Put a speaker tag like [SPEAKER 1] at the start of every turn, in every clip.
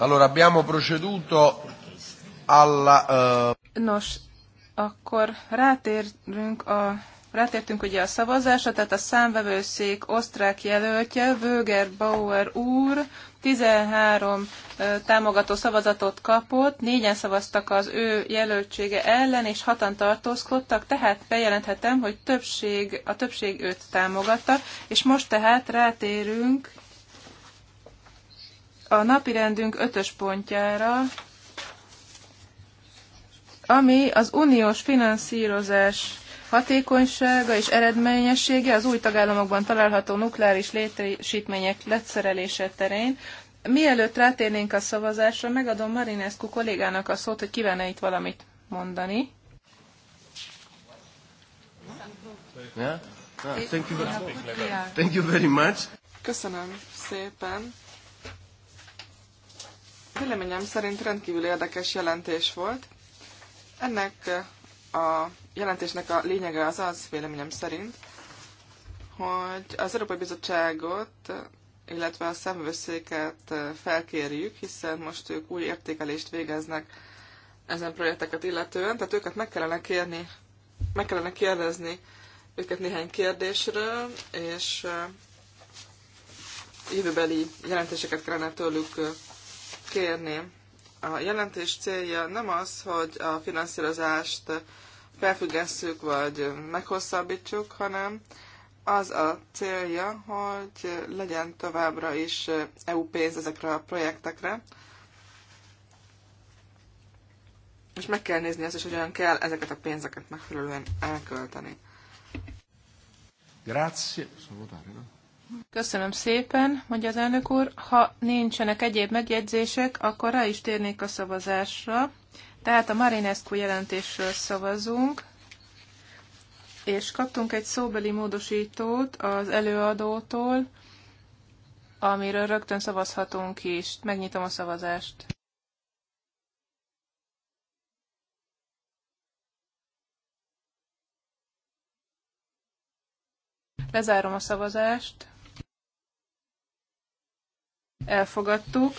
[SPEAKER 1] Allora abbiamo proceduto alla... Uh... Nos, akkor rátérünk
[SPEAKER 2] a Rátértünk ugye a szavazásra, tehát a számvevőszék osztrák jelöltje, Vöger Bauer úr 13 támogató szavazatot kapott, négyen szavaztak az ő jelöltsége ellen, és hatan tartózkodtak, tehát bejelenthetem, hogy többség, a többség őt támogatta, és most tehát rátérünk a napi rendünk ötös pontjára, ami az uniós finanszírozás hatékonysága és eredményessége az új tagállamokban található nukleáris létesítmények letszerelése terén. Mielőtt rátérnénk a szavazásra, megadom Marinescu kollégának a szót, hogy kívánne itt valamit mondani.
[SPEAKER 1] Thank you very much. Köszönöm szépen. Véleményem szerint rendkívül érdekes jelentés volt. Ennek eh, a jelentésnek a lényege az az, véleményem szerint, hogy az Európai Bizottságot, eh, illetve a szemvőszéket eh, felkérjük, hiszen most ők új értékelést végeznek ezen projekteket illetően, tehát őket meg kellene kérni, meg kellene kérdezni őket néhány kérdésről, és jövőbeli jelentéseket kellene tőlük kérni. A jelentés célja nem az, hogy a finanszírozást felfüggesszük vagy meghosszabbítsuk, hanem az a célja, hogy legyen továbbra is EU pénz ezekre a projektekre, és meg kell nézni azt is, hogy hogyan kell ezeket a pénzeket megfelelően elkölteni.
[SPEAKER 3] Grazie. Posso votare, no?
[SPEAKER 2] Köszönöm szépen, mondja az elnök úr. Ha nincsenek egyéb megjegyzések, akkor rá is térnék a szavazásra. Tehát a Marinescu jelentésről szavazunk, és kaptunk egy szóbeli módosítót az előadótól, amiről rögtön szavazhatunk is. Megnyitom a szavazást. Lezárom a szavazást elfogadtuk.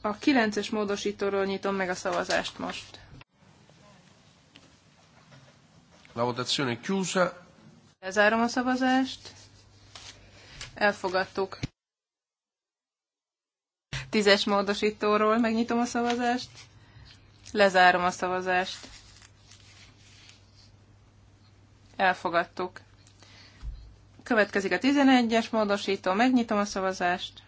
[SPEAKER 2] A 9-es módosítóról nyitom meg a szavazást most.
[SPEAKER 3] La votazione
[SPEAKER 2] chiusa. Lezárom a szavazást. Elfogadtuk. Tízes módosítóról megnyitom a szavazást. Lezárom a szavazást. Elfogadtuk. Következik a 11-es módosító, megnyitom a szavazást.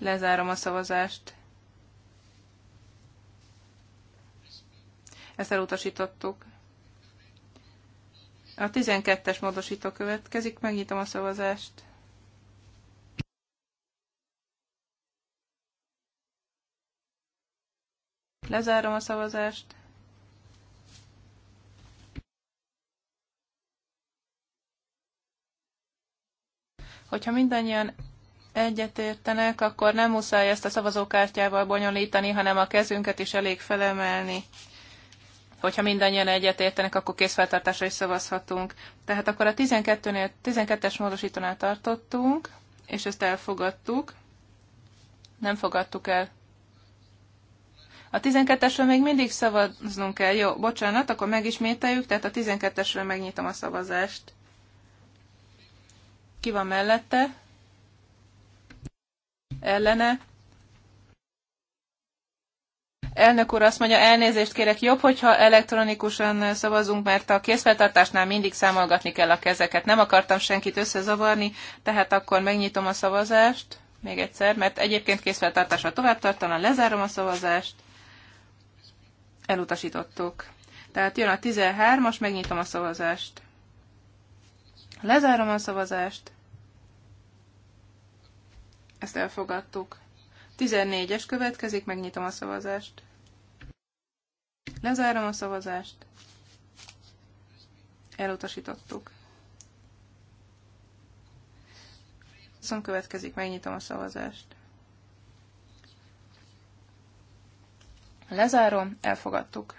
[SPEAKER 2] Lezárom a szavazást. Ezt elutasítottuk. A 12-es módosító következik, megnyitom a szavazást. Lezárom a szavazást. Hogyha mindannyian egyetértenek, akkor nem muszáj ezt a szavazókártyával bonyolítani, hanem a kezünket is elég felemelni. Hogyha mindannyian egyetértenek, akkor készfeltartásra is szavazhatunk. Tehát akkor a 12-nél, 12-es módosítónál tartottunk, és ezt elfogadtuk. Nem fogadtuk el. A 12-esről még mindig szavaznunk kell. Jó, bocsánat, akkor megismételjük, tehát a 12-esről megnyitom a szavazást. Ki van mellette? ellene. Elnök úr azt mondja, elnézést kérek, jobb, hogyha elektronikusan szavazunk, mert a készfeltartásnál mindig számolgatni kell a kezeket. Nem akartam senkit összezavarni, tehát akkor megnyitom a szavazást, még egyszer, mert egyébként készfeltartásra tovább tartana, lezárom a szavazást, elutasítottuk. Tehát jön a 13-as, megnyitom a szavazást. Lezárom a szavazást. Ezt elfogadtuk. 14-es következik, megnyitom a szavazást. Lezárom a szavazást. Elutasítottuk. Viszont következik, megnyitom a szavazást. Lezárom, elfogadtuk.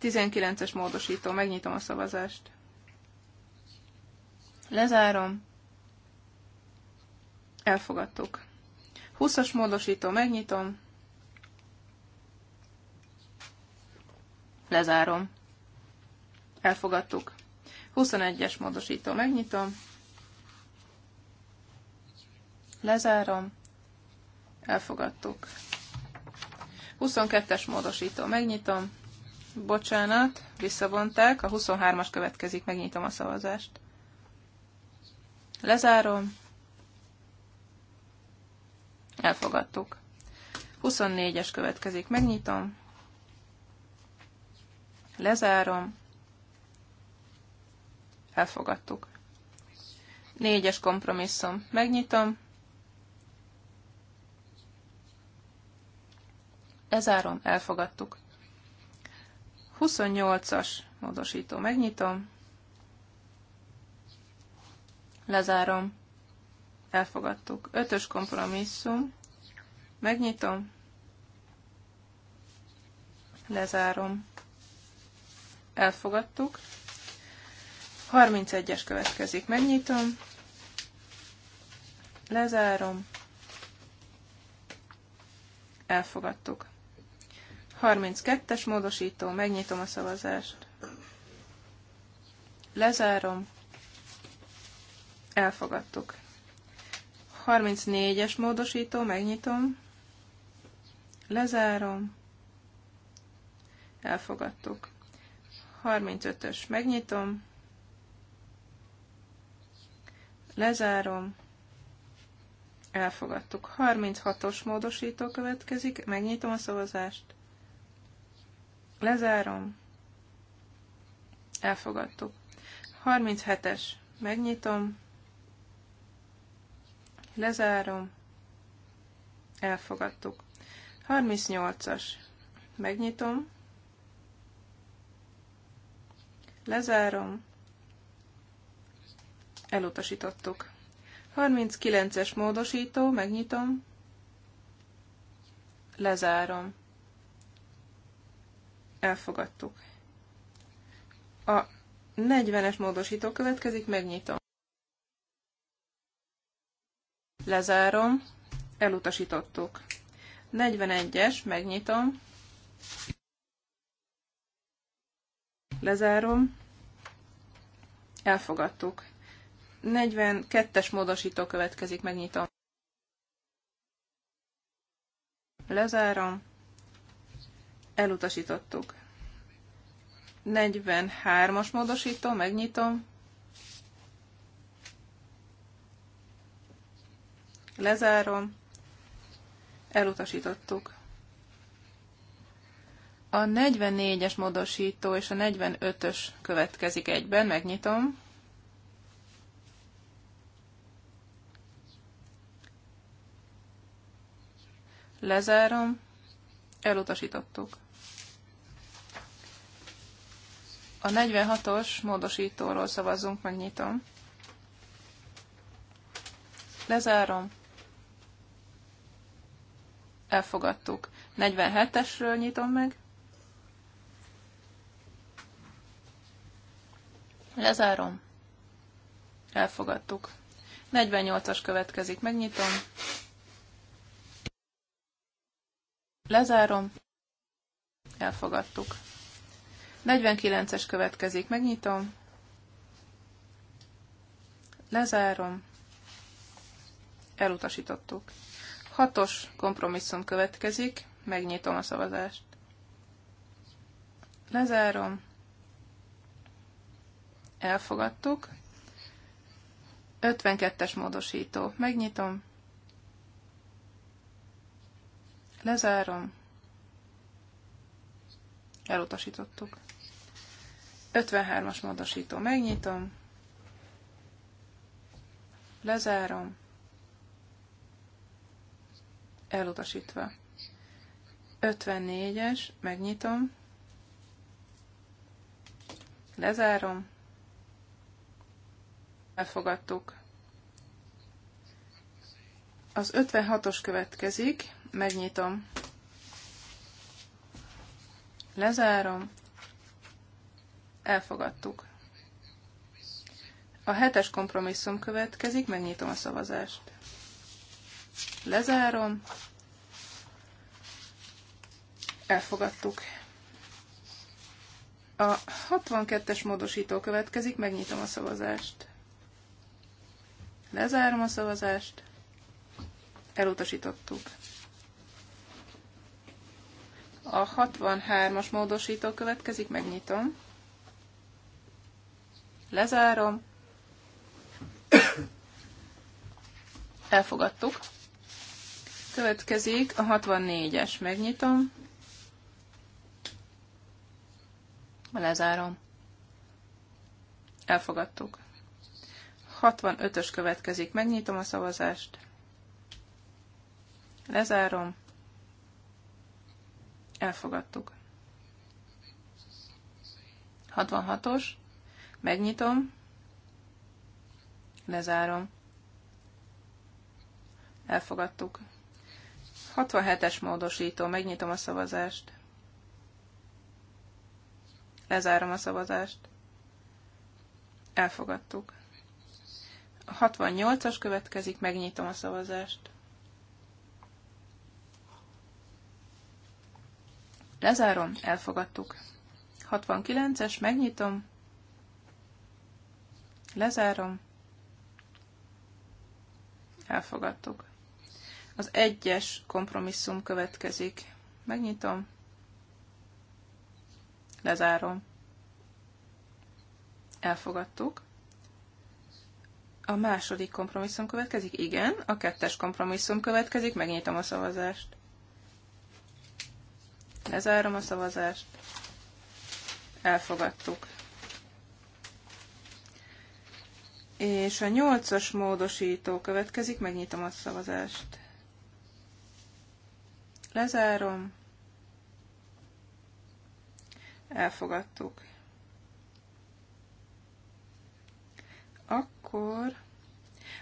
[SPEAKER 2] 19-es módosító, megnyitom a szavazást. Lezárom, Elfogadtuk. 20-as módosító, megnyitom. Lezárom. Elfogadtuk. 21-es módosító, megnyitom. Lezárom. Elfogadtuk. 22-es módosító, megnyitom. Bocsánat, visszavonták. A 23-as következik, megnyitom a szavazást. Lezárom. Elfogadtuk. 24-es következik. Megnyitom. Lezárom. Elfogadtuk. 4-es kompromisszum. Megnyitom. Lezárom. Elfogadtuk. 28-as módosító. Megnyitom. Lezárom elfogadtuk. Ötös kompromisszum, megnyitom, lezárom, elfogadtuk. 31-es következik, megnyitom, lezárom, elfogadtuk. 32-es módosító, megnyitom a szavazást. Lezárom. Elfogadtuk. 34-es módosító, megnyitom, lezárom, elfogadtuk. 35-ös, megnyitom, lezárom, elfogadtuk. 36-os módosító következik, megnyitom a szavazást, lezárom, elfogadtuk. 37-es, megnyitom, Lezárom. Elfogadtuk. 38-as. Megnyitom. Lezárom. Elutasítottuk. 39-es módosító, megnyitom. Lezárom. Elfogadtuk. A 40-es módosító következik, megnyitom. Lezárom. Elutasítottuk. 41-es, megnyitom. Lezárom. Elfogadtuk. 42-es módosító következik, megnyitom. Lezárom. Elutasítottuk. 43-as módosító, megnyitom. Lezárom. Elutasítottuk. A 44-es módosító és a 45-ös következik egyben, megnyitom. Lezárom. Elutasítottuk. A 46-os módosítóról szavazzunk, megnyitom. Lezárom elfogadtuk. 47-esről nyitom meg. Lezárom. Elfogadtuk. 48-as következik, megnyitom. Lezárom. Elfogadtuk. 49-es következik, megnyitom. Lezárom. Elutasítottuk. Hatos kompromisszum következik, megnyitom a szavazást. Lezárom. Elfogadtuk. 52-es módosító. Megnyitom. Lezárom. Elutasítottuk. 53-as módosító. Megnyitom. Lezárom elutasítva. 54-es, megnyitom, lezárom, elfogadtuk. Az 56-os következik, megnyitom, lezárom, elfogadtuk. A hetes kompromisszum következik, megnyitom a szavazást. Lezárom. Elfogadtuk. A 62-es módosító következik, megnyitom a szavazást. Lezárom a szavazást. Elutasítottuk. A 63-as módosító következik, megnyitom. Lezárom. Elfogadtuk. Következik a 64-es. Megnyitom. Lezárom. Elfogadtuk. 65-ös következik. Megnyitom a szavazást. Lezárom. Elfogadtuk. 66-os. Megnyitom. Lezárom. Elfogadtuk. 67-es módosító, megnyitom a szavazást. Lezárom a szavazást. Elfogadtuk. 68-as következik, megnyitom a szavazást. Lezárom, elfogadtuk. 69-es, megnyitom. Lezárom. Elfogadtuk. Az egyes kompromisszum következik. Megnyitom. Lezárom. Elfogadtuk. A második kompromisszum következik? Igen. A kettes kompromisszum következik. Megnyitom a szavazást. Lezárom a szavazást. Elfogadtuk. És a nyolcas módosító következik, megnyitom a szavazást. Lezárom. Elfogadtuk. Akkor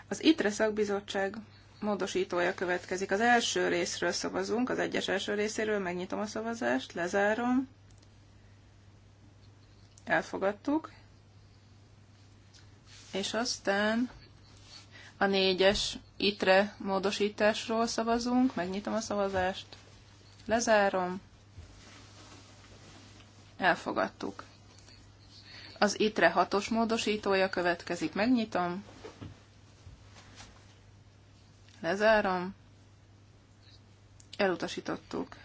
[SPEAKER 2] az ITRE szakbizottság módosítója következik. Az első részről szavazunk, az egyes első részéről megnyitom a szavazást, lezárom. Elfogadtuk. És aztán a négyes ITRE módosításról szavazunk, megnyitom a szavazást. Lezárom. Elfogadtuk. Az ITRE hatos módosítója következik. Megnyitom. Lezárom. Elutasítottuk.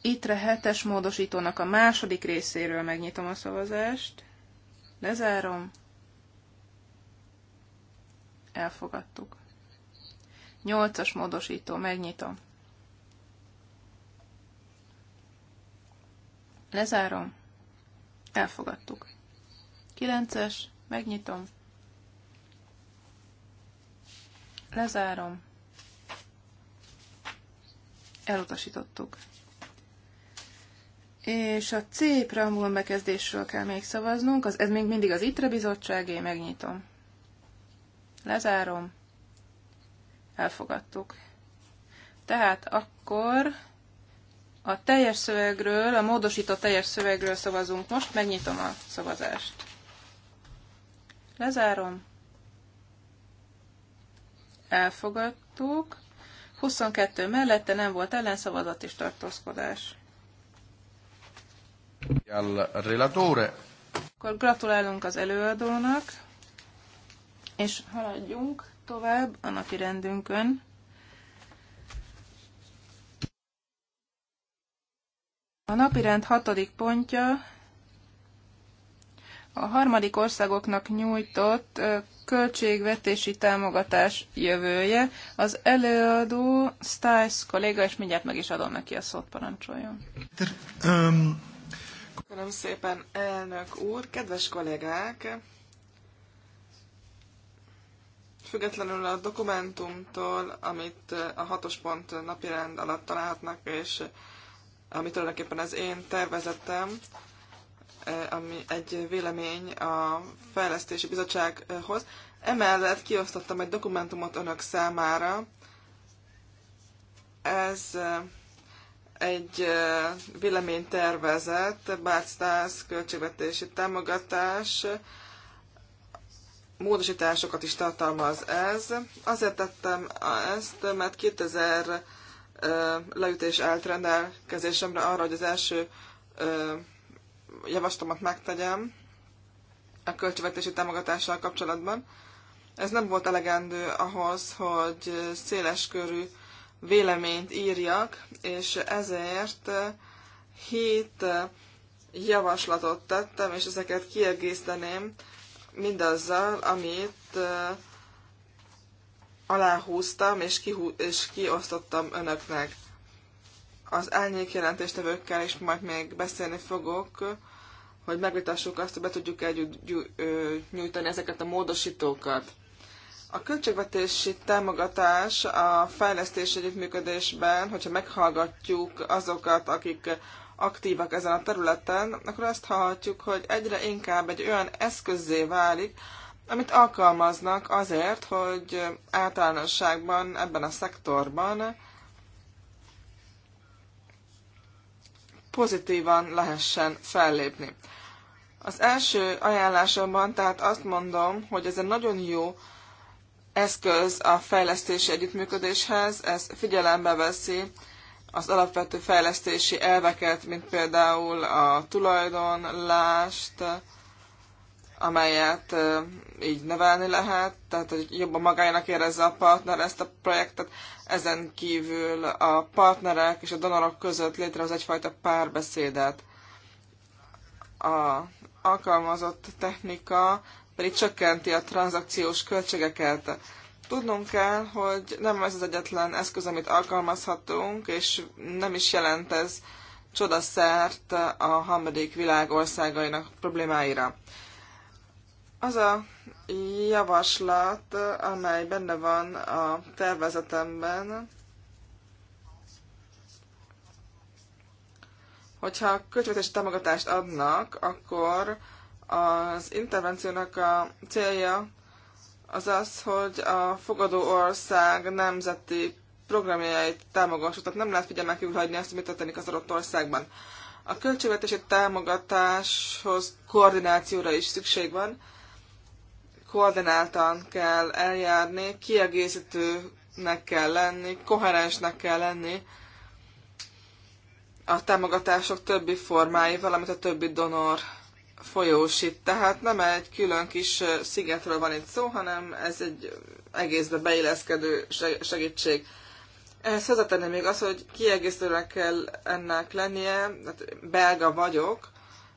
[SPEAKER 2] ITRE hetes módosítónak a második részéről megnyitom a szavazást. Lezárom. Elfogadtuk. Nyolcas módosító, megnyitom. Lezárom. Elfogadtuk. 9-es, megnyitom. Lezárom. Elutasítottuk. És a C preambul bekezdésről kell még szavaznunk, az, ez még mindig az ITRE bizottságé, megnyitom. Lezárom. Elfogadtuk. Tehát akkor a teljes szövegről, a módosított teljes szövegről szavazunk most, megnyitom a szavazást. Lezárom. Elfogadtuk. 22 mellette nem volt ellenszavazat és tartózkodás.
[SPEAKER 3] relatore.
[SPEAKER 2] Akkor gratulálunk az előadónak, és haladjunk tovább a napi rendünkön. A napirend hatodik pontja a harmadik országoknak nyújtott költségvetési támogatás jövője. Az előadó Stiles kolléga, és mindjárt meg is adom neki a szót, parancsoljon.
[SPEAKER 1] Köszönöm szépen, elnök úr, kedves kollégák! Függetlenül a dokumentumtól, amit a hatos pont napirend alatt találhatnak, és ami tulajdonképpen az én tervezetem, eh, ami egy vélemény a Fejlesztési Bizottsághoz. Emellett kiosztottam egy dokumentumot önök számára. Ez eh, egy eh, véleménytervezet, Bárctász költségvetési támogatás, módosításokat is tartalmaz ez. Azért tettem ezt, mert 2000 leütés állt rendelkezésemre arra, hogy az első javaslatomat megtegyem a költségvetési támogatással kapcsolatban. Ez nem volt elegendő ahhoz, hogy széleskörű véleményt írjak, és ezért hét javaslatot tettem, és ezeket kiegészteném mindazzal, amit aláhúztam és, kihú, és kiosztottam önöknek. Az elnyék jelentéstevőkkel is majd még beszélni fogok, hogy megvitassuk azt, hogy be tudjuk együtt nyújtani ezeket a módosítókat. A költségvetési támogatás a fejlesztés együttműködésben, hogyha meghallgatjuk azokat, akik aktívak ezen a területen, akkor azt hallhatjuk, hogy egyre inkább egy olyan eszközzé válik, amit alkalmaznak azért, hogy általánosságban ebben a szektorban pozitívan lehessen fellépni. Az első ajánlásomban tehát azt mondom, hogy ez egy nagyon jó eszköz a fejlesztési együttműködéshez, ez figyelembe veszi az alapvető fejlesztési elveket, mint például a tulajdonlást, amelyet így nevelni lehet, tehát hogy jobban magának érezze a partner ezt a projektet. Ezen kívül a partnerek és a donorok között létrehoz egyfajta párbeszédet. A alkalmazott technika pedig csökkenti a tranzakciós költségeket. Tudnunk kell, hogy nem ez az egyetlen eszköz, amit alkalmazhatunk, és nem is jelent ez csodaszert a harmadik világ országainak problémáira. Az a javaslat, amely benne van a tervezetemben, hogyha költségvetési támogatást adnak, akkor az intervenciónak a célja az az, hogy a fogadó ország nemzeti programjait támogassuk, tehát nem lehet figyelmen kívül hagyni azt, mi történik az adott országban. A költségvetési támogatáshoz koordinációra is szükség van, koordináltan kell eljárni, kiegészítőnek kell lenni, koherensnek kell lenni a támogatások többi formái, valamint a többi donor folyósít. Tehát nem egy külön kis szigetről van itt szó, hanem ez egy egészbe beilleszkedő segítség. Ehhez hozzátenném még az, hogy kiegészítőnek kell ennek lennie, hát belga vagyok,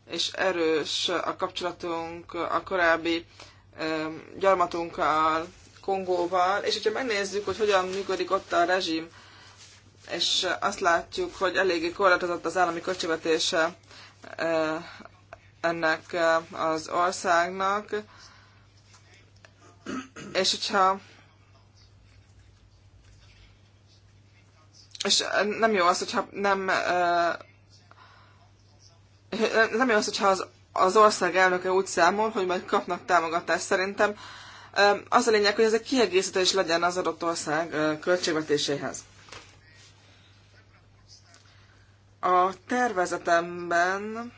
[SPEAKER 1] és erős a kapcsolatunk a korábbi gyarmatunkkal, Kongóval, és hogyha megnézzük, hogy hogyan működik ott a rezsim, és azt látjuk, hogy eléggé korlátozott az állami költségvetése ennek az országnak, és hogyha és nem jó az, hogyha nem nem jó az, hogyha az az ország elnöke úgy számol, hogy majd kapnak támogatást szerintem. Az a lényeg, hogy ez egy is legyen az adott ország költségvetéséhez. A tervezetemben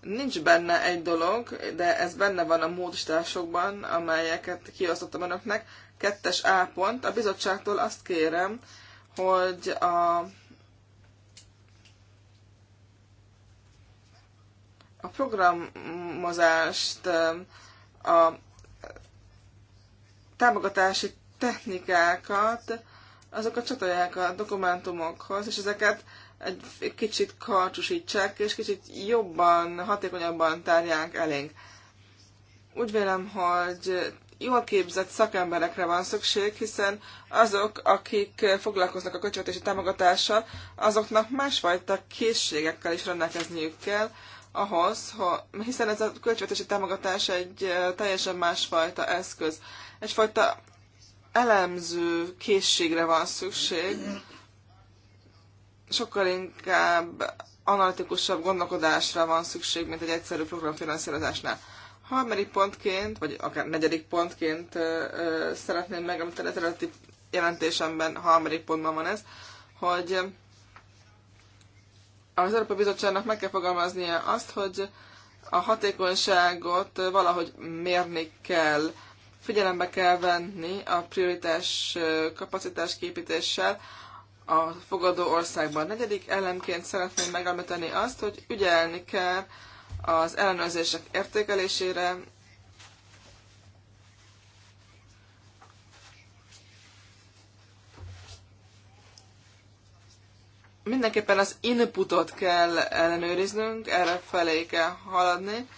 [SPEAKER 1] nincs benne egy dolog, de ez benne van a módosításokban, amelyeket kiosztottam önöknek. Kettes A pont. A bizottságtól azt kérem, hogy a a programozást, a támogatási technikákat, azokat csatolják a dokumentumokhoz, és ezeket egy kicsit karcsúsítsák, és kicsit jobban, hatékonyabban tárják elénk. Úgy vélem, hogy jól képzett szakemberekre van szükség, hiszen azok, akik foglalkoznak a költségvetési támogatással, azoknak másfajta készségekkel is rendelkezniük kell, ahhoz, ha, hiszen ez a költségvetési támogatás egy teljesen másfajta eszköz. Egyfajta elemző készségre van szükség, sokkal inkább analitikusabb gondolkodásra van szükség, mint egy egyszerű programfinanszírozásnál. Harmadik pontként, vagy akár negyedik pontként ö, ö, szeretném megemlíteni, az eredeti jelentésemben harmadik pontban van ez, hogy az Európai Bizottságnak meg kell fogalmaznia azt, hogy a hatékonyságot valahogy mérni kell, figyelembe kell venni a prioritás kapacitás képítéssel a fogadó országban. Negyedik elemként szeretném megemlíteni azt, hogy ügyelni kell az ellenőrzések értékelésére mindenképpen az inputot kell ellenőriznünk, erre felé kell haladni,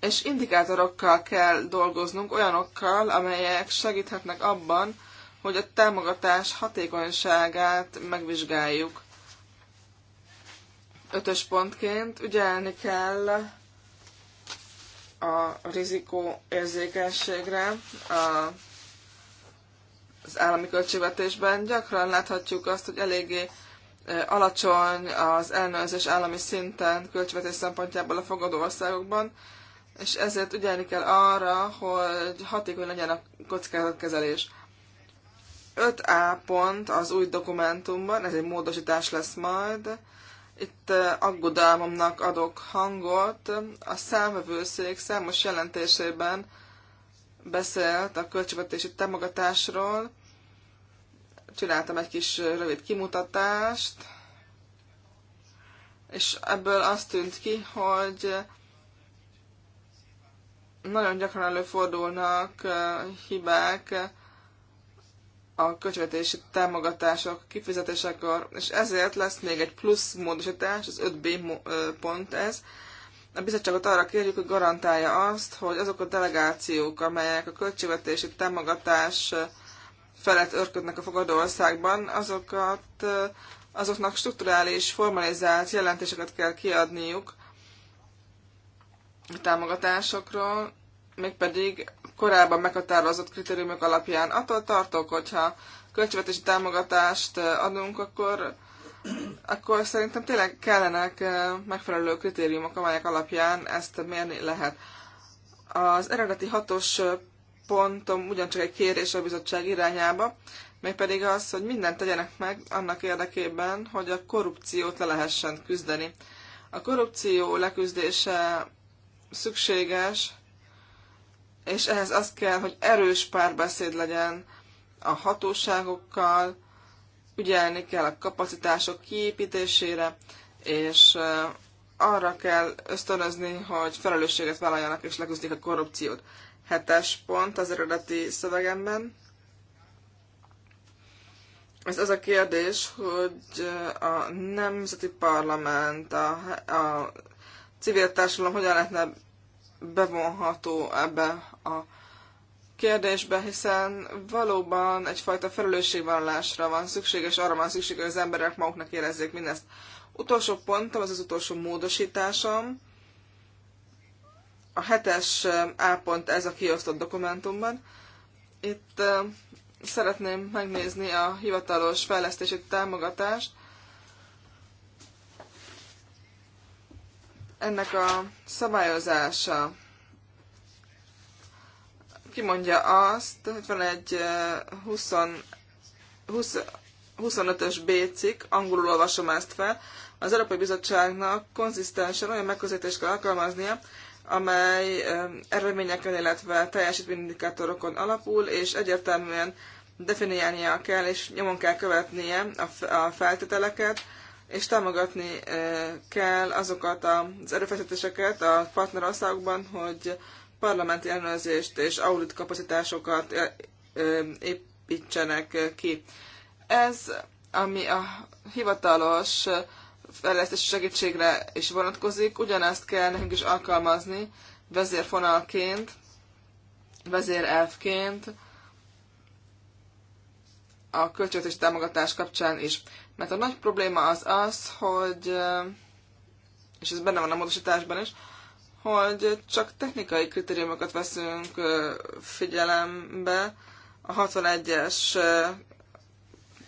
[SPEAKER 1] és indikátorokkal kell dolgoznunk, olyanokkal, amelyek segíthetnek abban, hogy a támogatás hatékonyságát megvizsgáljuk. Ötös pontként ügyelni kell a érzékenységre, a az állami költségvetésben gyakran láthatjuk azt, hogy eléggé alacsony az ellenőrzés állami szinten költségvetés szempontjából a fogadó országokban, és ezért ügyelni kell arra, hogy hatékony legyen a kockázatkezelés. 5A pont az új dokumentumban, ez egy módosítás lesz majd, itt aggodalmamnak adok hangot, a számvevőszék számos jelentésében beszélt a költségvetési támogatásról. Csináltam egy kis rövid kimutatást, és ebből azt tűnt ki, hogy nagyon gyakran előfordulnak hibák a költségvetési támogatások kifizetésekor, és ezért lesz még egy plusz módosítás, az 5B pont ez, a bizottságot arra kérjük, hogy garantálja azt, hogy azok a delegációk, amelyek a költségvetési támogatás felett örködnek a fogadó országban, azokat, azoknak strukturális, formalizált jelentéseket kell kiadniuk a támogatásokról, mégpedig korábban meghatározott kritériumok alapján. Attól tartok, hogyha költségvetési támogatást adunk, akkor akkor szerintem tényleg kellenek megfelelő kritériumok, amelyek alapján ezt mérni lehet. Az eredeti hatos pontom ugyancsak egy kérés a bizottság irányába, mégpedig az, hogy mindent tegyenek meg annak érdekében, hogy a korrupciót le lehessen küzdeni. A korrupció leküzdése szükséges, és ehhez az kell, hogy erős párbeszéd legyen a hatóságokkal, ügyelni kell a kapacitások kiépítésére, és eh, arra kell ösztönözni, hogy felelősséget vállaljanak és leküzdik a korrupciót. Hetes pont az eredeti szövegemben. Ez az a kérdés, hogy eh, a nemzeti parlament, a, a civil társadalom hogyan lehetne bevonható ebbe a kérdésbe, hiszen valóban egyfajta felelősségvállalásra van szükség, és arra van szükség, hogy az emberek maguknak érezzék mindezt. Utolsó pontom, az az utolsó módosításom. A hetes eh, A pont ez a kiosztott dokumentumban. Itt eh, szeretném megnézni a hivatalos fejlesztési támogatást. Ennek a szabályozása kimondja azt, hogy van egy 20, 20, 25-ös B angolul olvasom ezt fel, az Európai Bizottságnak konzisztensen olyan megközelítést kell alkalmaznia, amely eh, eredményeken, illetve teljesítményindikátorokon alapul, és egyértelműen definiálnia kell, és nyomon kell követnie a feltételeket, és támogatni eh, kell azokat az erőfeszítéseket a partnerországokban, hogy parlamenti ellenőrzést és audit kapacitásokat építsenek ki. Ez, ami a hivatalos fejlesztési segítségre is vonatkozik, ugyanezt kell nekünk is alkalmazni vezérfonalként, vezérelfként, a költségvetési támogatás kapcsán is. Mert a nagy probléma az az, hogy, és ez benne van a módosításban is, hogy csak technikai kritériumokat veszünk figyelembe a 61-es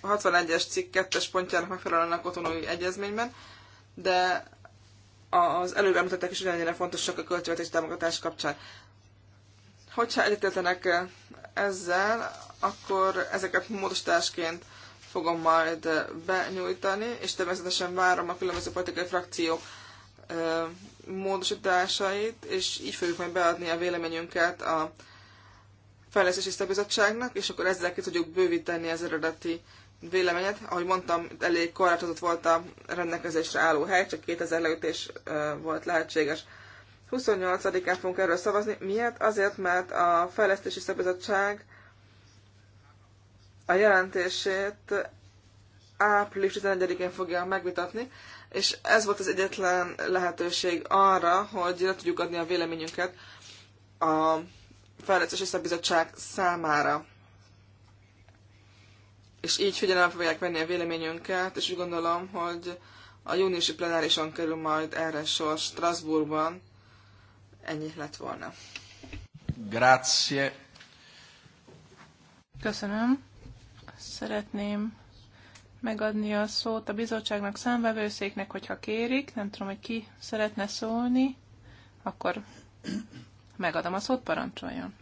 [SPEAKER 1] 61-es cikk 2 pontjának megfelelően a kotonói egyezményben, de az előbb említettek is ugyanennyire fontosak a költségvetés támogatás kapcsán. Hogyha egyetértenek ezzel, akkor ezeket módosításként fogom majd benyújtani, és természetesen várom a különböző politikai frakciók módosításait, és így fogjuk majd beadni a véleményünket a Fejlesztési Szabizottságnak, és akkor ezzel ki tudjuk bővíteni az eredeti véleményet. Ahogy mondtam, elég korlátozott volt a rendelkezésre álló hely, csak 2000 leütés volt lehetséges. 28-án fogunk erről szavazni. Miért? Azért, mert a Fejlesztési Szabizottság a jelentését április 11-én fogja megvitatni, és ez volt az egyetlen lehetőség arra, hogy le tudjuk adni a véleményünket a és Szabizottság számára. És így figyelembe fogják venni a véleményünket, és úgy gondolom, hogy a júniusi plenárison kerül majd erre sor Strasbourgban. Ennyi lett volna. Grazie.
[SPEAKER 2] Köszönöm. Szeretném megadni a szót a bizottságnak, számvevőszéknek, hogyha kérik. Nem tudom, hogy ki szeretne szólni, akkor megadom a szót, parancsoljon.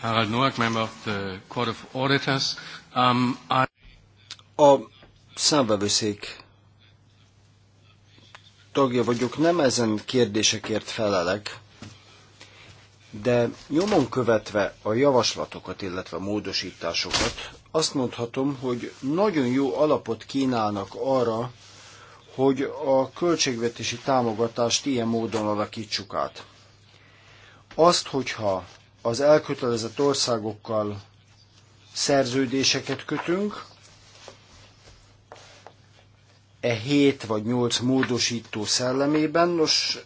[SPEAKER 2] Harald Noack, member of the Court of Auditors.
[SPEAKER 3] Um, I... A számvevőszék tagja vagyok, nem ezen kérdésekért felelek, de nyomon követve a javaslatokat, illetve a módosításokat, azt mondhatom, hogy nagyon jó alapot kínálnak arra, hogy a költségvetési támogatást ilyen módon alakítsuk át. Azt, hogyha az elkötelezett országokkal szerződéseket kötünk, e 7 vagy 8 módosító szellemében, nos,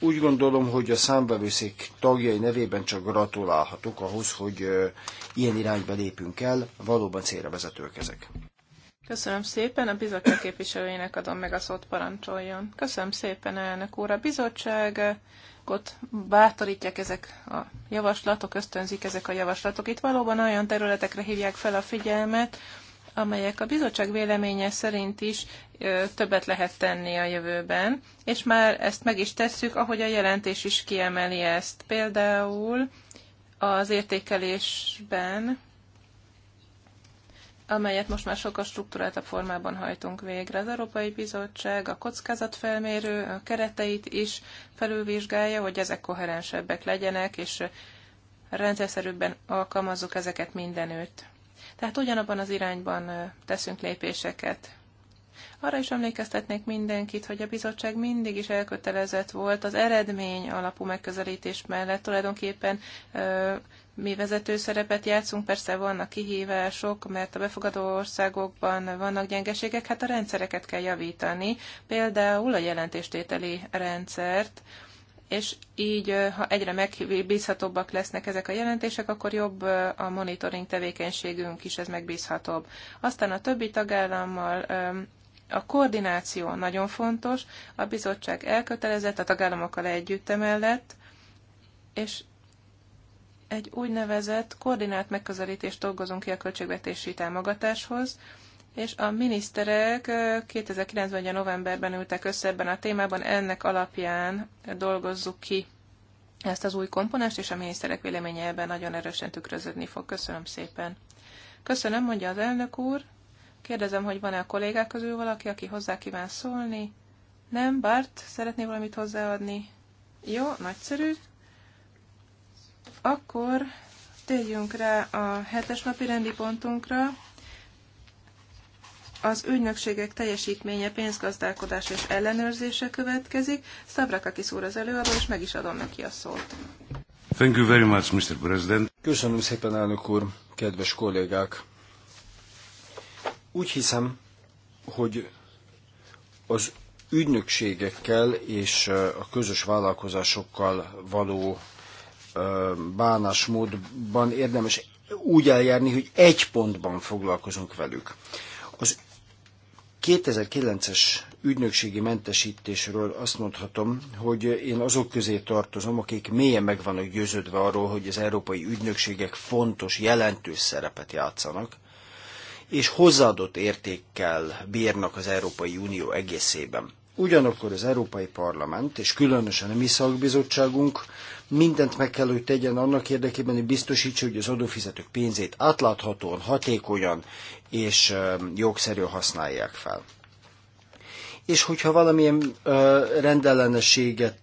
[SPEAKER 3] úgy gondolom, hogy a számbevőszék tagjai nevében csak gratulálhatok ahhoz, hogy ilyen irányba lépünk el, valóban célra vezetők ezek.
[SPEAKER 2] Köszönöm szépen, a bizottság képviselőjének adom meg a szót, parancsoljon. Köszönöm szépen, elnök úr. A bizottságot bátorítják ezek a javaslatok, ösztönzik ezek a javaslatok. Itt valóban olyan területekre hívják fel a figyelmet, amelyek a bizottság véleménye szerint is többet lehet tenni a jövőben, és már ezt meg is tesszük, ahogy a jelentés is kiemeli ezt. Például az értékelésben, amelyet most már sokkal struktúráltabb formában hajtunk végre. Az Európai Bizottság a kockázatfelmérő a kereteit is felülvizsgálja, hogy ezek koherensebbek legyenek, és rendszerűbben alkalmazzuk ezeket mindenütt. Tehát ugyanabban az irányban teszünk lépéseket. Arra is emlékeztetnék mindenkit, hogy a bizottság mindig is elkötelezett volt az eredmény alapú megközelítés mellett. Tulajdonképpen mi vezető szerepet játszunk, persze vannak kihívások, mert a befogadó országokban vannak gyengeségek, hát a rendszereket kell javítani, például a jelentéstételi rendszert, és így, ha egyre megbízhatóbbak lesznek ezek a jelentések, akkor jobb a monitoring tevékenységünk is, ez megbízhatóbb. Aztán a többi tagállammal a koordináció nagyon fontos, a bizottság elkötelezett a tagállamokkal együtt emellett, és egy úgynevezett koordinált megközelítést dolgozunk ki a költségvetési támogatáshoz, és a miniszterek 2009-ben, novemberben ültek össze ebben a témában, ennek alapján dolgozzuk ki ezt az új komponást és a miniszterek véleménye ebben nagyon erősen tükröződni fog. Köszönöm szépen. Köszönöm, mondja az elnök úr. Kérdezem, hogy van-e a kollégák közül valaki, aki hozzá kíván szólni? Nem, Bart, szeretné valamit hozzáadni? Jó, nagyszerű. Akkor térjünk rá a hetes napi rendi pontunkra az ügynökségek teljesítménye pénzgazdálkodás és ellenőrzése következik. Szabrakakis úr az előadó, és meg is adom neki a szót. Thank you very much, Mr. President.
[SPEAKER 3] Köszönöm szépen, elnök úr, kedves kollégák. Úgy hiszem, hogy az ügynökségekkel és eh, a közös vállalkozásokkal való eh, bánásmódban érdemes úgy eljárni, hogy egy pontban foglalkozunk velük. 2009-es ügynökségi mentesítésről azt mondhatom, hogy én azok közé tartozom, akik mélyen meg vannak győződve arról, hogy az európai ügynökségek fontos, jelentős szerepet játszanak, és hozzáadott értékkel bírnak az Európai Unió egészében. Ugyanakkor az Európai Parlament, és különösen a mi szakbizottságunk mindent meg kell, hogy tegyen annak érdekében, hogy biztosítsa, hogy az adófizetők pénzét átláthatóan, hatékonyan és jogszerűen használják fel. És hogyha valamilyen rendellenességet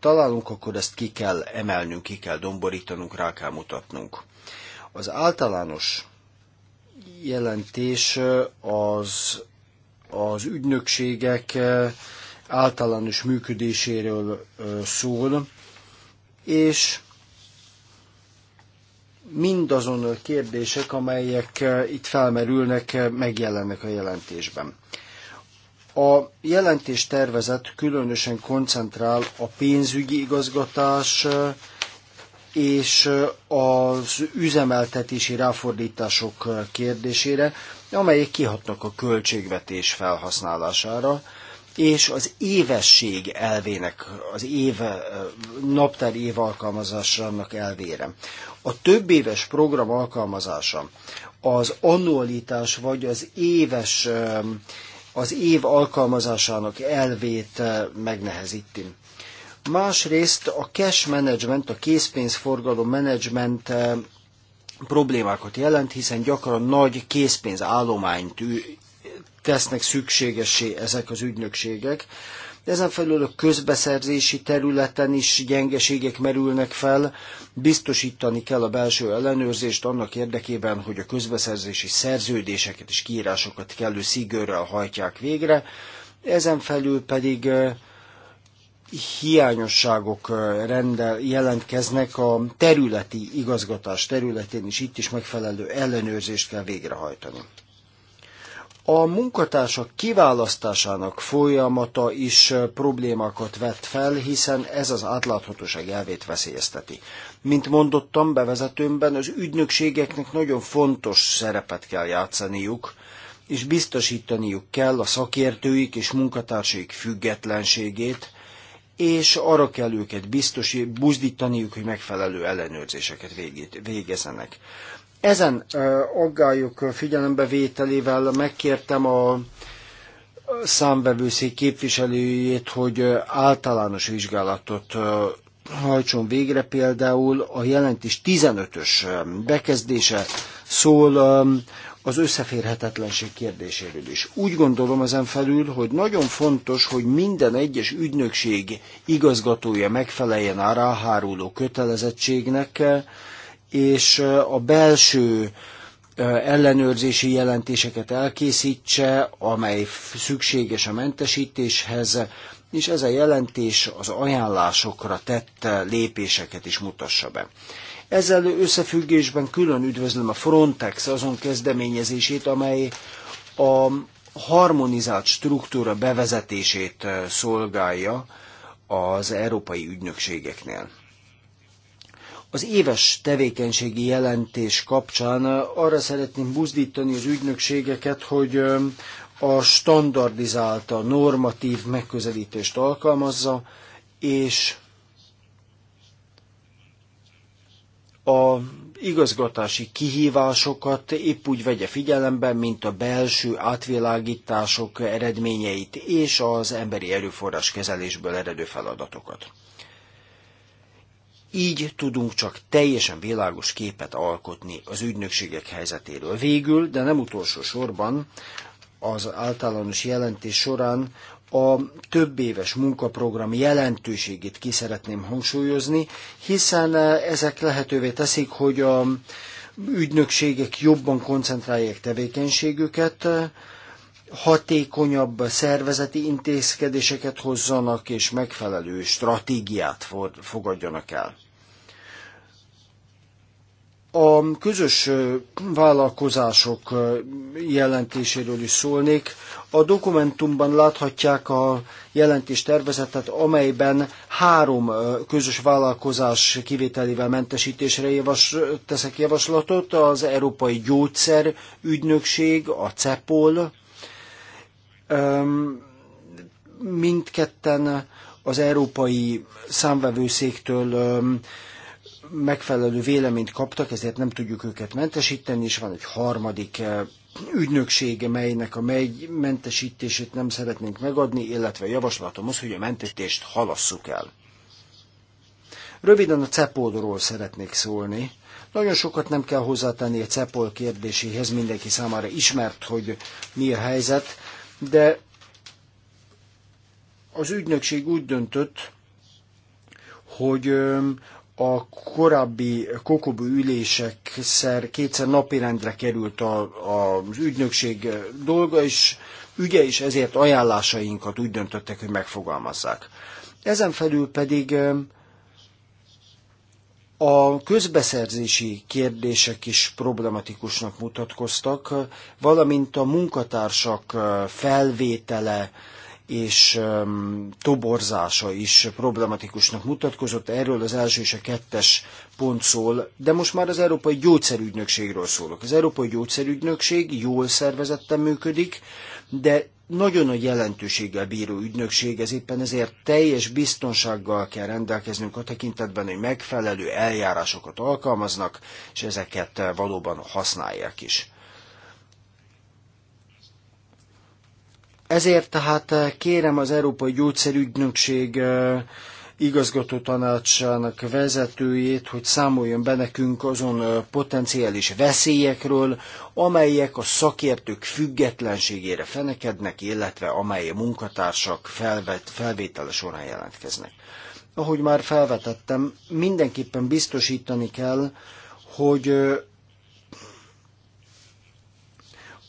[SPEAKER 3] találunk, akkor ezt ki kell emelnünk, ki kell domborítanunk, rá kell mutatnunk. Az általános jelentés az, az ügynökségek általános működéséről szól, és mindazon a kérdések, amelyek eh, itt felmerülnek, eh, megjelennek a jelentésben. A jelentés tervezet különösen koncentrál a pénzügyi igazgatás eh, és az üzemeltetési ráfordítások kérdésére, amelyek kihatnak a költségvetés felhasználására, és az évesség elvének, az év, naptár év alkalmazásának elvére. A több éves program alkalmazása az annualitás vagy az éves, az év alkalmazásának elvét megnehezíti. Másrészt a cash management, a készpénzforgalom management problémákat jelent, hiszen gyakran nagy készpénzállományt tesznek szükségessé ezek az ügynökségek. Ezen felül a közbeszerzési területen is gyengeségek merülnek fel, biztosítani kell a belső ellenőrzést annak érdekében, hogy a közbeszerzési szerződéseket és kiírásokat kellő szigőrrel hajtják végre, ezen felül pedig eh, hiányosságok eh, rendel, jelentkeznek a területi igazgatás területén, és itt is megfelelő ellenőrzést kell végrehajtani. A munkatársak kiválasztásának folyamata is problémákat vett fel, hiszen ez az átláthatóság elvét veszélyezteti. Mint mondottam bevezetőmben, az ügynökségeknek nagyon fontos szerepet kell játszaniuk, és biztosítaniuk kell a szakértőik és munkatársaik függetlenségét, és arra kell őket buzdítaniuk, hogy megfelelő ellenőrzéseket végezzenek. Ezen aggályok figyelembevételével megkértem a számbevőszék képviselőjét, hogy általános vizsgálatot hajtson végre például a jelentés 15-ös bekezdése szól az összeférhetetlenség kérdéséről is. Úgy gondolom ezen felül, hogy nagyon fontos, hogy minden egyes ügynökség igazgatója megfeleljen a ráháruló kötelezettségnek, és a belső ellenőrzési jelentéseket elkészítse, amely szükséges a mentesítéshez, és ez a jelentés az ajánlásokra tett lépéseket is mutassa be. Ezzel összefüggésben külön üdvözlöm a Frontex azon kezdeményezését, amely a harmonizált struktúra bevezetését szolgálja az európai ügynökségeknél. Az éves tevékenységi jelentés kapcsán arra szeretném buzdítani az ügynökségeket, hogy a standardizálta, normatív megközelítést alkalmazza, és a igazgatási kihívásokat épp úgy vegye figyelembe, mint a belső átvilágítások eredményeit és az emberi erőforrás kezelésből eredő feladatokat. Így tudunk csak teljesen világos képet alkotni az ügynökségek helyzetéről. Végül, de nem utolsó sorban, az általános jelentés során a több éves munkaprogram jelentőségét ki szeretném hangsúlyozni, hiszen e, ezek lehetővé teszik, hogy a ügynökségek jobban koncentrálják tevékenységüket, hatékonyabb szervezeti intézkedéseket hozzanak, és megfelelő stratégiát fogadjanak el. A közös vállalkozások jelentéséről is szólnék. A dokumentumban láthatják a jelentés tervezetet, amelyben három közös vállalkozás kivételével mentesítésre javas, teszek javaslatot. Az Európai Gyógyszer Ügynökség, a CEPOL, Mindketten az európai számvevőszéktől megfelelő véleményt kaptak, ezért nem tudjuk őket mentesíteni, és van egy harmadik ügynöksége, melynek a megy mentesítését nem szeretnénk megadni, illetve javaslatom az, hogy a mentesítést halasszuk el. Röviden a cepódról szeretnék szólni. Nagyon sokat nem kell hozzátenni a CEPOL kérdéséhez, mindenki számára ismert, hogy mi a helyzet de az ügynökség úgy döntött, hogy a korábbi kokobú szer kétszer napirendre került a, a, az ügynökség dolga és ügye, is ezért ajánlásainkat úgy döntöttek, hogy megfogalmazzák. Ezen felül pedig a közbeszerzési kérdések is problematikusnak mutatkoztak, valamint a munkatársak felvétele és toborzása is problematikusnak mutatkozott. Erről az első és a kettes pont szól, de most már az Európai Gyógyszerügynökségről szólok. Az Európai Gyógyszerügynökség jól szervezetten működik, de nagyon nagy jelentőséggel bíró ügynökség, ez éppen ezért teljes biztonsággal kell rendelkeznünk a tekintetben, hogy megfelelő eljárásokat alkalmaznak, és ezeket eh, valóban használják is. Ezért tehát eh, kérem az Európai Gyógyszerügynökség eh, igazgató tanácsának vezetőjét, hogy számoljon be nekünk azon potenciális veszélyekről, amelyek a szakértők függetlenségére fenekednek, illetve amely a munkatársak felvet, felvétele során jelentkeznek. Ahogy már felvetettem, mindenképpen biztosítani kell, hogy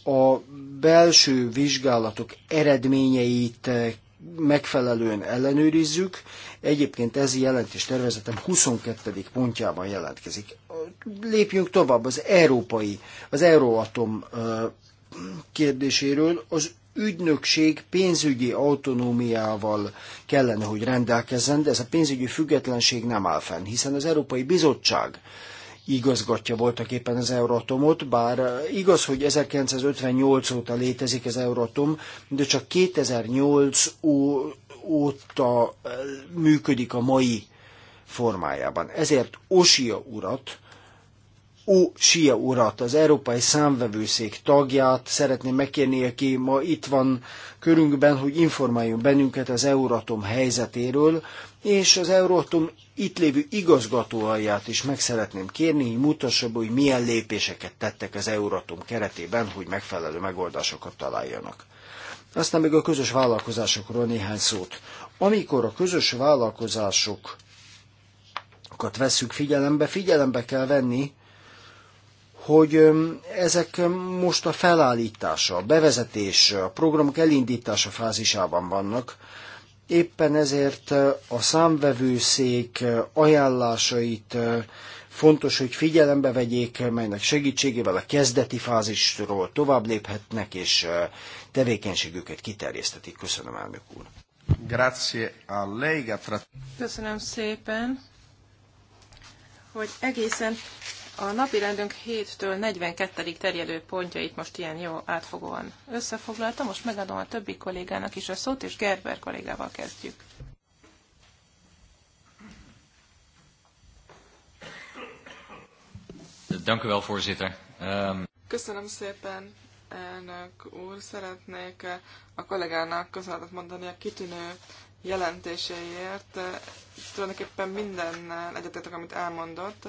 [SPEAKER 3] a belső vizsgálatok eredményeit megfelelően ellenőrizzük. Egyébként ez jelentés tervezetem 22. pontjában jelentkezik. Lépjünk tovább az európai, az Euróatom kérdéséről. Az ügynökség pénzügyi autonómiával kellene, hogy rendelkezzen, de ez a pénzügyi függetlenség nem áll fenn, hiszen az Európai Bizottság igazgatja voltak éppen az Euratomot, bár igaz, hogy 1958 óta létezik az Euratom, de csak 2008 óta eh, működik a mai formájában. Ezért Osia urat Ó Sia urat, az Európai Számvevőszék tagját szeretném megkérni, aki ma itt van körünkben, hogy informáljon bennünket az Euratom helyzetéről, és az Euratom itt lévő igazgatóalját is meg szeretném kérni, hogy mutassa be, hogy milyen lépéseket tettek az Euratom keretében, hogy megfelelő megoldásokat találjanak. Aztán még a közös vállalkozásokról néhány szót. Amikor a közös vállalkozásokat veszük figyelembe, figyelembe kell venni, hogy ezek most a felállítása, a bevezetés, a programok elindítása fázisában vannak. Éppen ezért a számvevőszék ajánlásait fontos, hogy figyelembe vegyék, melynek segítségével a kezdeti fázisról tovább léphetnek, és tevékenységüket kiterjesztetik. Köszönöm, elnök úr. a
[SPEAKER 2] Köszönöm szépen, hogy egészen a napi rendünk 7-től 42. terjedő pontjait most ilyen jó átfogóan összefoglaltam. Most megadom a többi kollégának is a szót, és Gerber kollégával kezdjük.
[SPEAKER 1] Ehm, Köszönöm szépen, elnök úr. Szeretnék a kollégának köszönetet mondani a kitűnő jelentéséért. Tulajdonképpen minden egyetértek, amit elmondott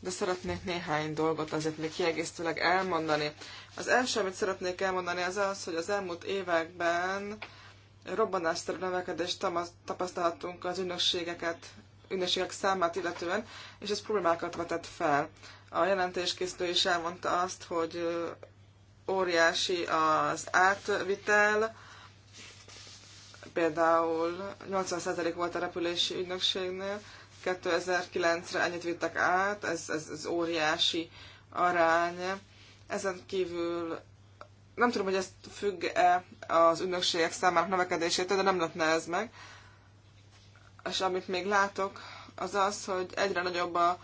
[SPEAKER 1] de szeretnék néhány dolgot azért még kiegészítőleg elmondani. Az első, amit szeretnék elmondani, az az, hogy az elmúlt években robbanásszerű növekedést tapasztalhatunk az ünnökségeket, ünnökségek számát illetően, és ez problémákat vetett fel. A jelentéskészítő is elmondta azt, hogy óriási az átvitel, például 80% volt a repülési ügynökségnél, 2009-re ennyit vittek át, ez, ez, ez óriási arány. Ezen kívül nem tudom, hogy ez függ-e az ünnökségek számának növekedésétől, de nem lepne ez meg. És amit még látok, az az, hogy egyre nagyobb a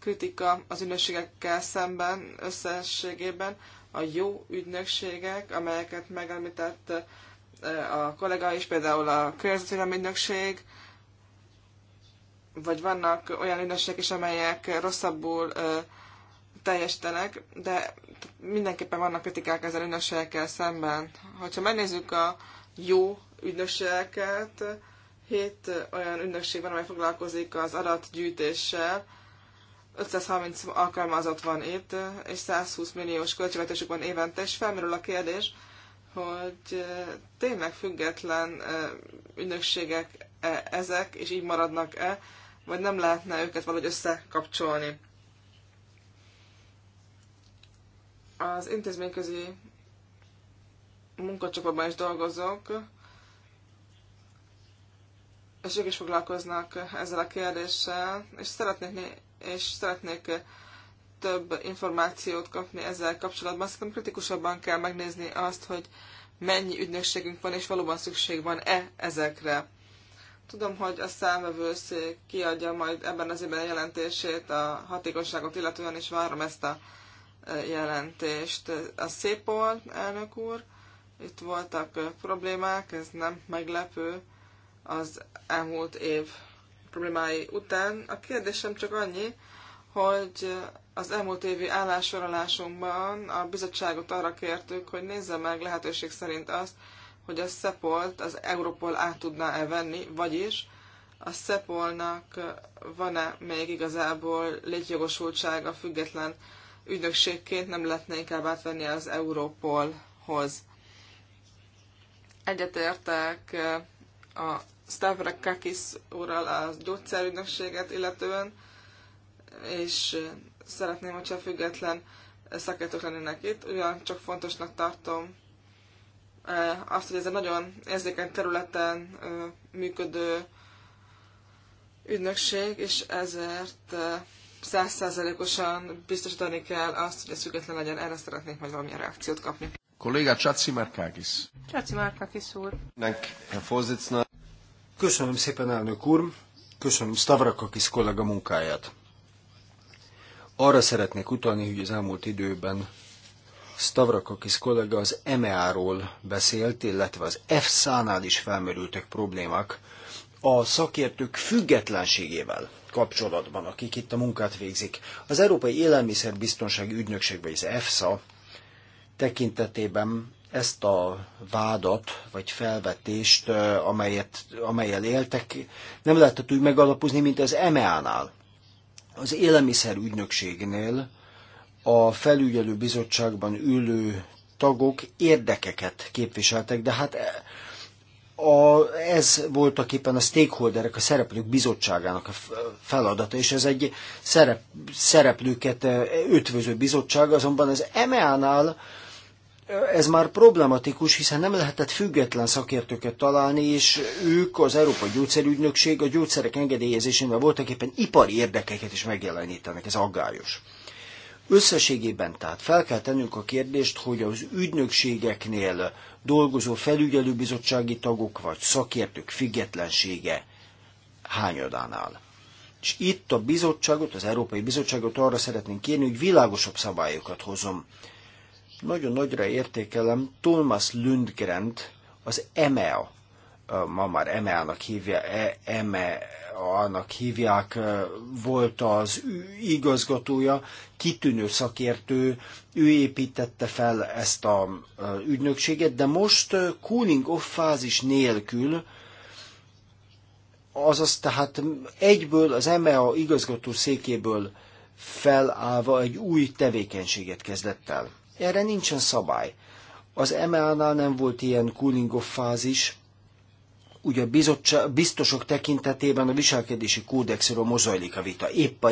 [SPEAKER 1] kritika az ünnökségekkel szemben összességében. A jó ügynökségek, amelyeket megemlített eh, a kollega is, például a környezetvédelmi ügynökség, vagy vannak olyan ünnepségek, is, amelyek rosszabbul teljesítenek, de mindenképpen vannak kritikák ezzel ünnepségekkel szemben. Ha megnézzük a jó ünnepségeket, hét olyan ünnepség van, amely foglalkozik az adatgyűjtéssel, 530 alkalmazott van itt, és 120 milliós költségvetésük van évente, és felmerül a kérdés, hogy tényleg független ünnökségek -e ezek, és így maradnak-e, vagy nem lehetne őket valahogy összekapcsolni. Az intézményközi munkacsoportban is dolgozok, és ők is foglalkoznak ezzel a kérdéssel, és szeretnék, és szeretnék több információt kapni ezzel kapcsolatban. Szerintem kritikusabban kell megnézni azt, hogy mennyi ügynökségünk van, és valóban szükség van-e ezekre. Tudom, hogy a számvevőszék kiadja majd ebben az évben a jelentését a hatékonyságot, illetően is várom ezt a e, jelentést. A Szépol elnök úr, itt voltak e, problémák, ez nem meglepő az elmúlt év problémái után. A kérdésem csak annyi, hogy az elmúlt évi állásorolásunkban a bizottságot arra kértük, hogy nézze meg lehetőség szerint azt, hogy a Szepolt az Europol át tudná-e venni, vagyis a Szepolnak van-e még igazából létjogosultsága független ügynökségként nem lehetne inkább átvenni az Europolhoz. Egyetértek eh, a Kakis úrral a gyógyszerügynökséget illetően, és szeretném, hogyha független szakértők lennének itt, ugyan csak fontosnak tartom azt, hogy ez egy nagyon érzékeny területen működő ügynökség, és ezért százszázalékosan biztosítani kell azt, hogy ez független legyen. Erre szeretnék majd valamilyen reakciót kapni.
[SPEAKER 3] Kolléga Csaci Márkákis.
[SPEAKER 2] Csaci Márkákis úr.
[SPEAKER 3] Köszönöm szépen, elnök úr. Köszönöm Stavrakakis kollega munkáját. Arra szeretnék utalni, hogy az elmúlt időben Stavrakakis kollega az EMEA-ról beszélt, illetve az F nál is felmerültek problémák a szakértők függetlenségével kapcsolatban, akik itt a munkát végzik. Az Európai Élelmiszerbiztonsági Ügynökségbe, az EFSA tekintetében ezt a vádat, vagy felvetést, amelyet, amelyel éltek, nem lehetett úgy megalapozni, mint az EMEA-nál. Az élelmiszerügynökségnél a felügyelő bizottságban ülő tagok érdekeket képviseltek, de hát e, a, ez voltak éppen a stakeholderek, a szereplők bizottságának a feladata, és ez egy szerep, szereplőket e, ötvöző bizottság, azonban az EMEA-nál e, ez már problematikus, hiszen nem lehetett független szakértőket találni, és ők, az Európai Gyógyszerügynökség a gyógyszerek engedélyezésénél voltak éppen ipari érdekeket is megjelenítenek, ez aggályos. Összességében tehát fel kell tennünk a kérdést, hogy az ügynökségeknél dolgozó felügyelőbizottsági tagok vagy szakértők függetlensége hányadán áll. És itt a bizottságot, az Európai Bizottságot arra szeretnénk kérni, hogy világosabb szabályokat hozom. Nagyon nagyra értékelem Thomas t az EMEA ma már EME-nak hívja, e, EME annak hívják, volt az igazgatója, kitűnő szakértő, ő építette fel ezt a ügynökséget, de most cooling off fázis nélkül, azaz tehát egyből az a igazgató székéből felállva egy új tevékenységet kezdett el. Erre nincsen szabály. Az EMEA-nál nem volt ilyen cooling off fázis, Ugye a biztosok tekintetében a viselkedési kódexről mozajlik a vita. Épp a,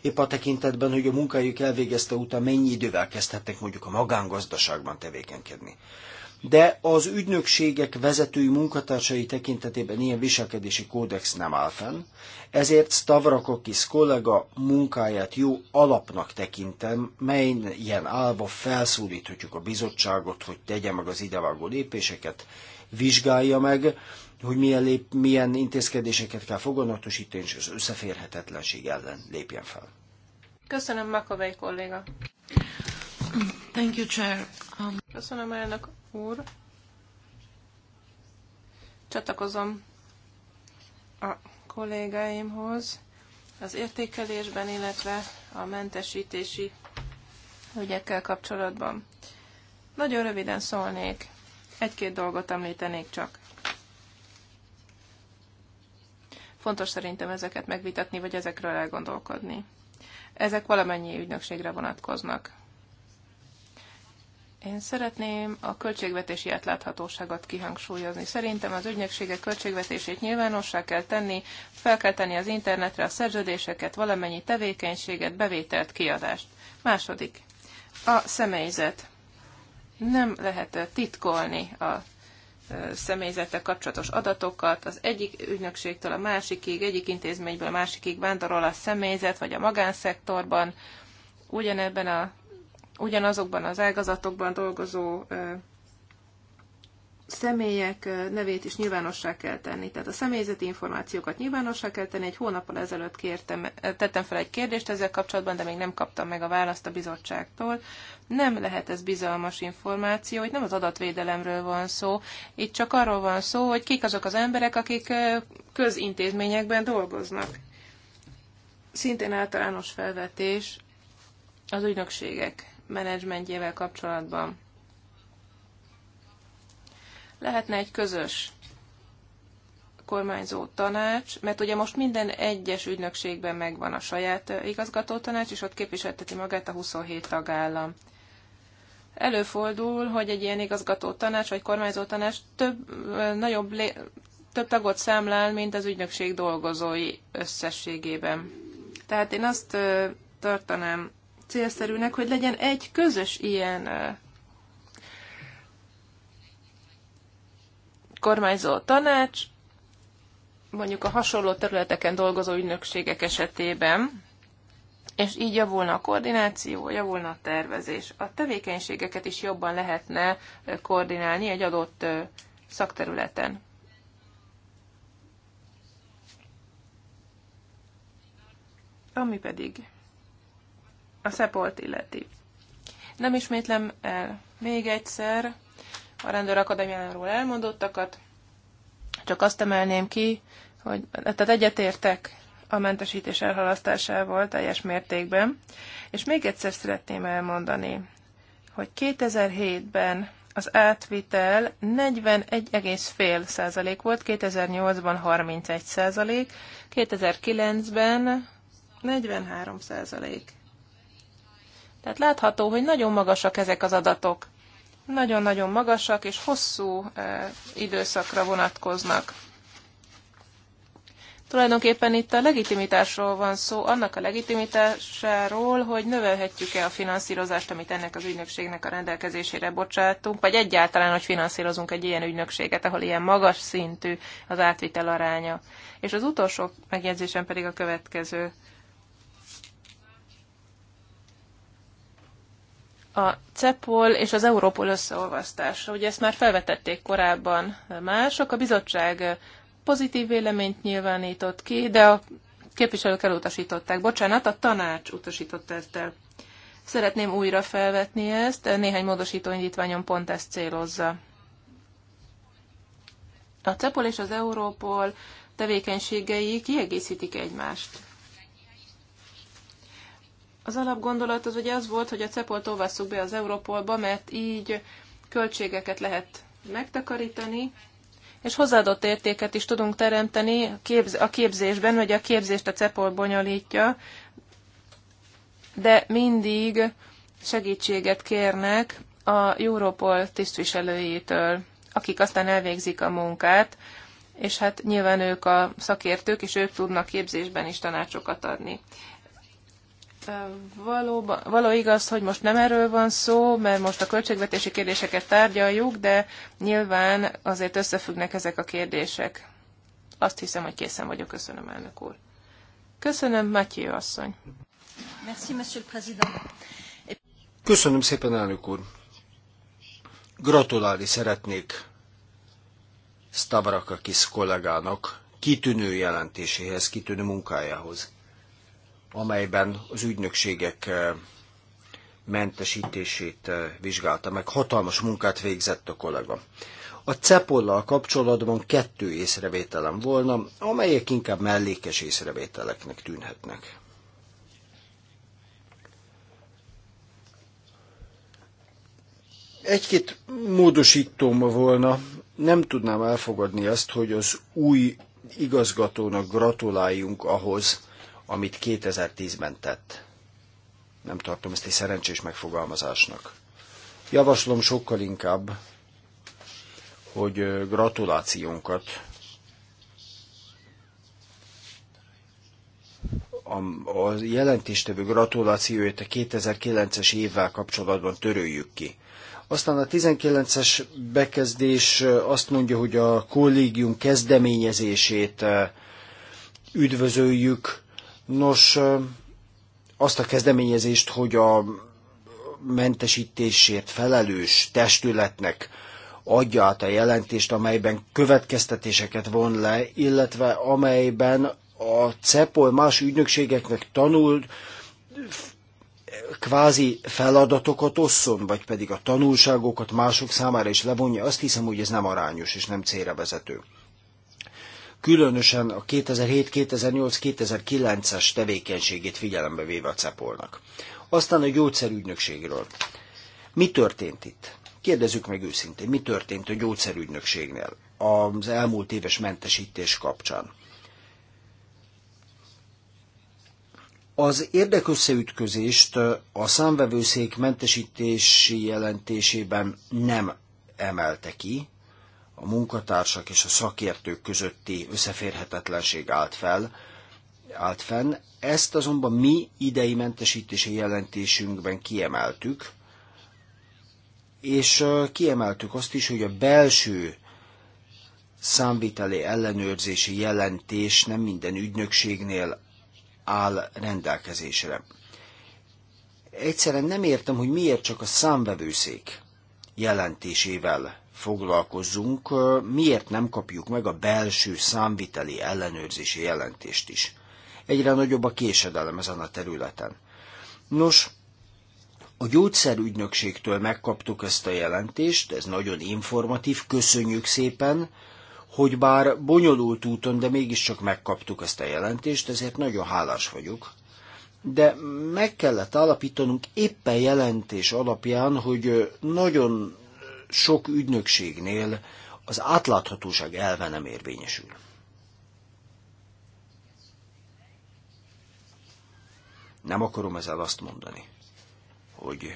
[SPEAKER 3] épp a tekintetben, hogy a munkájuk elvégezte után mennyi idővel kezdhetnek mondjuk a magángazdaságban tevékenykedni. De az ügynökségek vezetői munkatársai tekintetében ilyen viselkedési kódex nem áll fenn, ezért Stavrakokis kollega munkáját jó alapnak tekintem, melyen ilyen állva felszólíthatjuk a bizottságot, hogy tegye meg az idevágó lépéseket, vizsgálja meg, hogy milyen, lép, milyen intézkedéseket kell foganatosítani, és az összeférhetetlenség ellen lépjen fel.
[SPEAKER 2] Köszönöm, Makovej kolléga. Thank you, Chair. Um... Köszönöm, elnök úr. Csatlakozom a kollégáimhoz az értékelésben, illetve a mentesítési ügyekkel kapcsolatban. Nagyon röviden szólnék, egy-két dolgot említenék csak. Fontos szerintem ezeket megvitatni, vagy ezekről elgondolkodni. Ezek valamennyi ügynökségre vonatkoznak. Én szeretném a költségvetési átláthatóságot kihangsúlyozni. Szerintem az ügynökségek költségvetését nyilvánossá kell tenni, fel kell tenni az internetre a szerződéseket, valamennyi tevékenységet, bevételt, kiadást. Második. A személyzet. Nem lehet titkolni a személyzettel kapcsolatos adatokat, az egyik ügynökségtől a másikig, egyik intézményből a másikig vándorol a személyzet, vagy a magánszektorban, ugyanebben a, ugyanazokban az ágazatokban dolgozó személyek nevét is nyilvánossá kell tenni. Tehát a személyzeti információkat nyilvánossá kell tenni. Egy hónappal ezelőtt kértem, tettem fel egy kérdést ezzel kapcsolatban, de még nem kaptam meg a választ a bizottságtól. Nem lehet ez bizalmas információ, itt nem az adatvédelemről van szó, itt csak arról van szó, hogy kik azok az emberek, akik közintézményekben dolgoznak. Szintén általános felvetés az ügynökségek menedzsmentjével kapcsolatban lehetne egy közös kormányzó tanács, mert ugye most minden egyes ügynökségben megvan a saját igazgató tanács, és ott képviselteti magát a 27 tagállam. Előfordul, hogy egy ilyen igazgató tanács vagy kormányzó tanács több, nagyobb, több tagot számlál, mint az ügynökség dolgozói összességében. Tehát én azt tartanám célszerűnek, hogy legyen egy közös ilyen kormányzó tanács, mondjuk a hasonló területeken dolgozó ügynökségek esetében, és így javulna a koordináció, javulna a tervezés. A tevékenységeket is jobban lehetne koordinálni egy adott szakterületen. Ami pedig a szepolt illeti. Nem ismétlem el még egyszer, a rendőrakadémiáról elmondottakat. Csak azt emelném ki, hogy tehát egyetértek a mentesítés elhalasztásával teljes mértékben. És még egyszer szeretném elmondani, hogy 2007-ben az átvitel 41,5% volt, 2008-ban 31%, 2009-ben 43%. Tehát látható, hogy nagyon magasak ezek az adatok nagyon-nagyon magasak és hosszú eh, időszakra vonatkoznak. Tulajdonképpen itt a legitimitásról van szó, annak a legitimitásáról, hogy növelhetjük-e a finanszírozást, amit ennek az ügynökségnek a rendelkezésére bocsátunk, vagy egyáltalán, hogy finanszírozunk egy ilyen ügynökséget, ahol ilyen magas szintű az átvitel aránya. És az utolsó megjegyzésem pedig a következő. a CEPOL és az Európol összeolvasztása. Ugye ezt már felvetették korábban mások. A bizottság pozitív véleményt nyilvánított ki, de a képviselők elutasították. Bocsánat, a tanács utasította ezt el. Szeretném újra felvetni ezt, néhány módosító indítványon pont ezt célozza. A CEPOL és az Európol tevékenységei kiegészítik egymást. Az alapgondolat az ugye az volt, hogy a CEPOL-t olvasszuk be az Európolba, mert így költségeket lehet megtakarítani, és hozzáadott értéket is tudunk teremteni a, képzésben, vagy a képzést a CEPOL bonyolítja, de mindig segítséget kérnek a Europol tisztviselőjétől, akik aztán elvégzik a munkát, és hát nyilván ők a szakértők, és ők tudnak képzésben is tanácsokat adni való igaz, hogy most nem erről van szó, mert most a költségvetési kérdéseket tárgyaljuk, de nyilván azért összefüggnek ezek a kérdések. Azt hiszem, hogy készen vagyok. Köszönöm, elnök úr. Köszönöm, Matyő asszony.
[SPEAKER 3] Köszönöm szépen, elnök úr. Gratulálni szeretnék Stavrakakis kollégának kitűnő jelentéséhez, kitűnő munkájához amelyben az ügynökségek eh, mentesítését eh, vizsgálta meg. Hatalmas munkát végzett a kollega. A cepollal kapcsolatban kettő észrevételem volna, amelyek inkább mellékes észrevételeknek tűnhetnek. Egy-két módosítóm volna, nem tudnám elfogadni azt, hogy az új igazgatónak gratuláljunk ahhoz, amit 2010-ben tett. Nem tartom ezt egy szerencsés megfogalmazásnak. Javaslom sokkal inkább, hogy gratulációnkat a, a jelentéstevő gratulációját a 2009-es évvel kapcsolatban töröljük ki. Aztán a 19-es bekezdés azt mondja, hogy a kollégium kezdeményezését üdvözöljük, Nos, azt a kezdeményezést, hogy a mentesítésért felelős testületnek adja át a jelentést, amelyben következtetéseket von le, illetve amelyben a CEPOL más ügynökségeknek tanult kvázi feladatokat osszon, vagy pedig a tanulságokat mások számára is levonja, azt hiszem, hogy ez nem arányos és nem célra vezető különösen a 2007-2008-2009-es tevékenységét figyelembe véve a cepolnak. Aztán a gyógyszerügynökségről. Mi történt itt? Kérdezzük meg őszintén, mi történt a gyógyszerügynökségnél az elmúlt éves mentesítés kapcsán? Az érdekösszeütközést a számvevőszék mentesítési jelentésében nem emelte ki, a munkatársak és a szakértők közötti összeférhetetlenség állt fel, állt fenn. Ezt azonban mi idei mentesítési jelentésünkben kiemeltük, és kiemeltük azt is, hogy a belső számviteli ellenőrzési jelentés nem minden ügynökségnél áll rendelkezésre. Egyszerűen nem értem, hogy miért csak a számvevőszék jelentésével foglalkozzunk, miért nem kapjuk meg a belső számviteli ellenőrzési jelentést is? Egyre nagyobb a késedelem ezen a területen. Nos, a gyógyszerügynökségtől megkaptuk ezt a jelentést, ez nagyon informatív, köszönjük szépen, hogy bár bonyolult úton, de mégiscsak megkaptuk ezt a jelentést, ezért nagyon hálás vagyok. De meg kellett állapítanunk éppen jelentés alapján, hogy nagyon sok ügynökségnél az átláthatóság elve nem érvényesül. Nem akarom ezzel azt mondani, hogy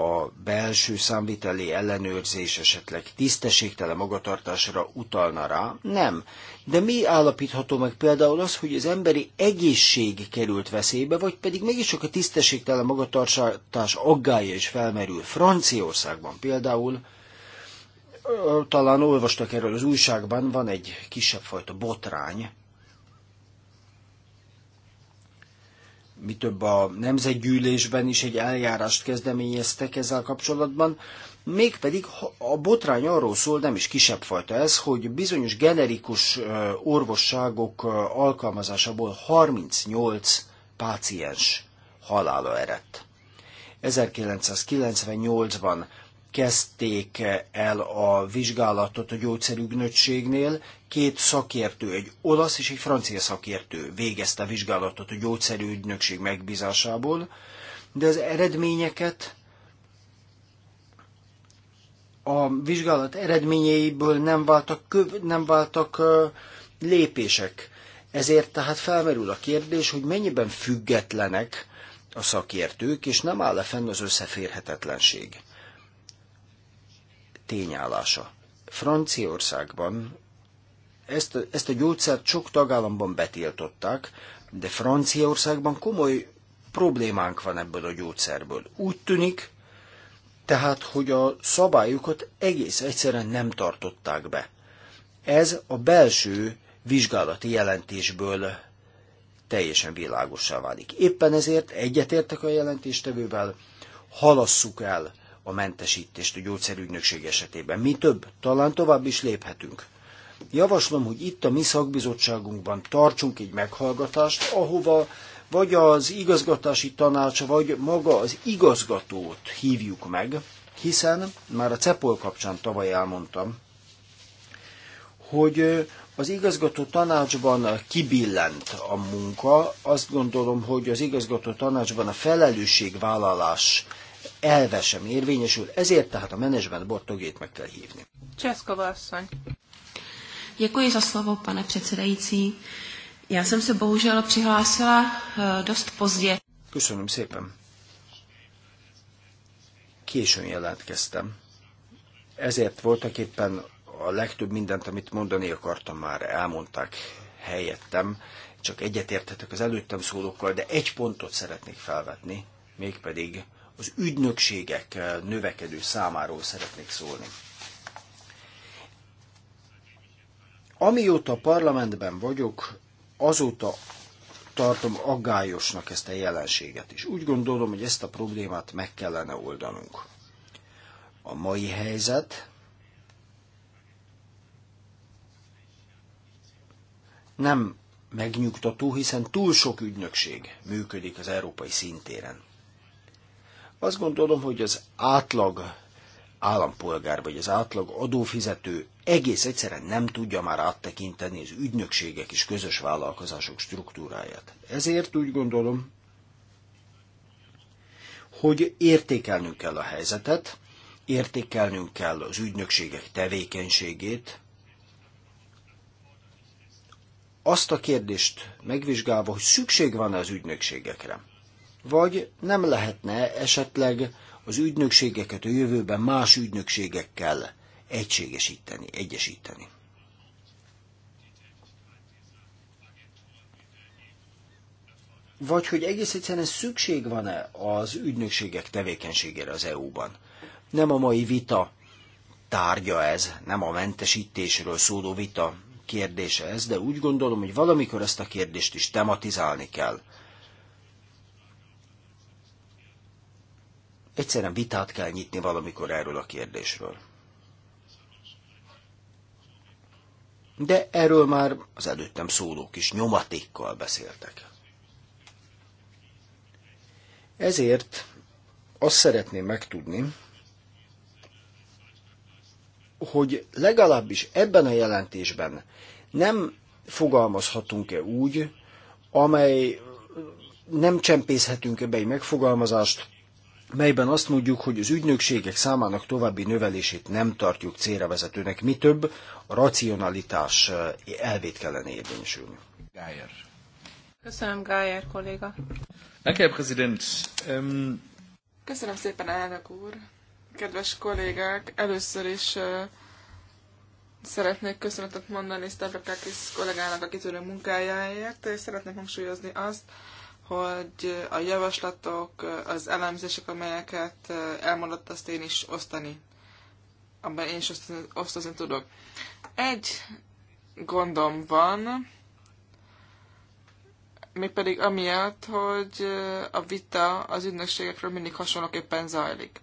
[SPEAKER 3] a belső számviteli ellenőrzés esetleg tisztességtelen magatartásra utalna rá? Nem. De mi állapítható meg például az, hogy az emberi egészség került veszélybe, vagy pedig mégiscsak a tisztességtelen magatartás aggája is felmerül. Franciaországban például, talán olvastak erről az újságban, van egy kisebb fajta botrány, mi több a nemzetgyűlésben is egy eljárást kezdeményeztek ezzel kapcsolatban, mégpedig a botrány arról szól, nem is kisebb fajta ez, hogy bizonyos generikus orvosságok alkalmazásából 38 páciens halála erett. 1998-ban kezdték el a vizsgálatot a gyógyszerügynökségnél. Két szakértő, egy olasz és egy francia szakértő végezte a vizsgálatot a gyógyszerügynökség megbízásából, de az eredményeket a vizsgálat eredményeiből nem váltak, köv, nem váltak lépések. Ezért tehát felmerül a kérdés, hogy mennyiben függetlenek a szakértők, és nem áll-e fenn az összeférhetetlenség tényállása. Franciaországban ezt, a, ezt a gyógyszert sok tagállamban betiltották, de Franciaországban komoly problémánk van ebből a gyógyszerből. Úgy tűnik, tehát, hogy a szabályokat egész egyszerűen nem tartották be. Ez a belső vizsgálati jelentésből teljesen világossá válik. Éppen ezért egyetértek a jelentéstevővel, halasszuk el a mentesítést a gyógyszerügynökség esetében. Mi több, talán tovább is léphetünk. Javaslom, hogy itt a mi szakbizottságunkban tartsunk egy meghallgatást, ahova vagy az igazgatási tanács, vagy maga az igazgatót hívjuk meg, hiszen már a CEPOL kapcsán tavaly elmondtam, hogy az igazgató tanácsban kibillent a munka. Azt gondolom, hogy az igazgató tanácsban a felelősségvállalás elve sem érvényesül, ezért tehát a menedzsment bort tagjait meg kell hívni.
[SPEAKER 2] Cseszkova asszony. Děkuji za slovo, pane předsedající. Já jsem se bohužel přihlásila eh, dost pozdě. Köszönöm szépen.
[SPEAKER 3] Későn jelentkeztem. Ezért voltak éppen a legtöbb mindent, amit mondani akartam, már elmondták helyettem. Csak egyetérthetek az előttem szólókkal, de egy pontot szeretnék felvetni, mégpedig az ügynökségek eh, növekedő számáról szeretnék szólni. Amióta parlamentben vagyok, azóta tartom aggályosnak ezt a jelenséget, is. úgy gondolom, hogy ezt a problémát meg kellene oldanunk. A mai helyzet nem megnyugtató, hiszen túl sok ügynökség működik az európai szintéren. Azt gondolom, hogy az átlag állampolgár vagy az átlag adófizető egész egyszerűen nem tudja már áttekinteni az ügynökségek és közös vállalkozások struktúráját. Ezért úgy gondolom, hogy értékelnünk kell a helyzetet, értékelnünk kell az ügynökségek tevékenységét, azt a kérdést megvizsgálva, hogy szükség van-e az ügynökségekre. Vagy nem lehetne esetleg az ügynökségeket a jövőben más ügynökségekkel egységesíteni, egyesíteni? Vagy hogy egész egyszerűen szükség van-e az ügynökségek tevékenységére az EU-ban? Nem a mai vita tárgya ez, nem a mentesítésről szóló vita kérdése ez, de úgy gondolom, hogy valamikor ezt a kérdést is tematizálni kell. Egyszerűen vitát kell nyitni valamikor erről a kérdésről. De erről már az előttem szólók is nyomatékkal beszéltek. Ezért azt szeretném megtudni, hogy legalábbis ebben a jelentésben nem fogalmazhatunk-e úgy, amely nem csempészhetünk ebbe egy megfogalmazást, melyben azt mondjuk, hogy az ügynökségek számának további növelését nem tartjuk célra vezetőnek, mi több, a racionalitás eh, elvét kellene érvényesülni. Gájer.
[SPEAKER 1] Köszönöm, Gájer kolléga. Um... Köszönöm szépen, elnök úr. Kedves kollégák, először is uh, szeretnék köszönetet mondani Stavrakakis kollégának a kitűnő munkájáért, és szeretnék hangsúlyozni azt, hogy a javaslatok, az elemzések, amelyeket elmondott, azt én is osztani. Abban én is osztani, osztozni tudok. Egy gondom van, mégpedig amiatt, hogy a vita az ügynökségekről mindig hasonlóképpen zajlik.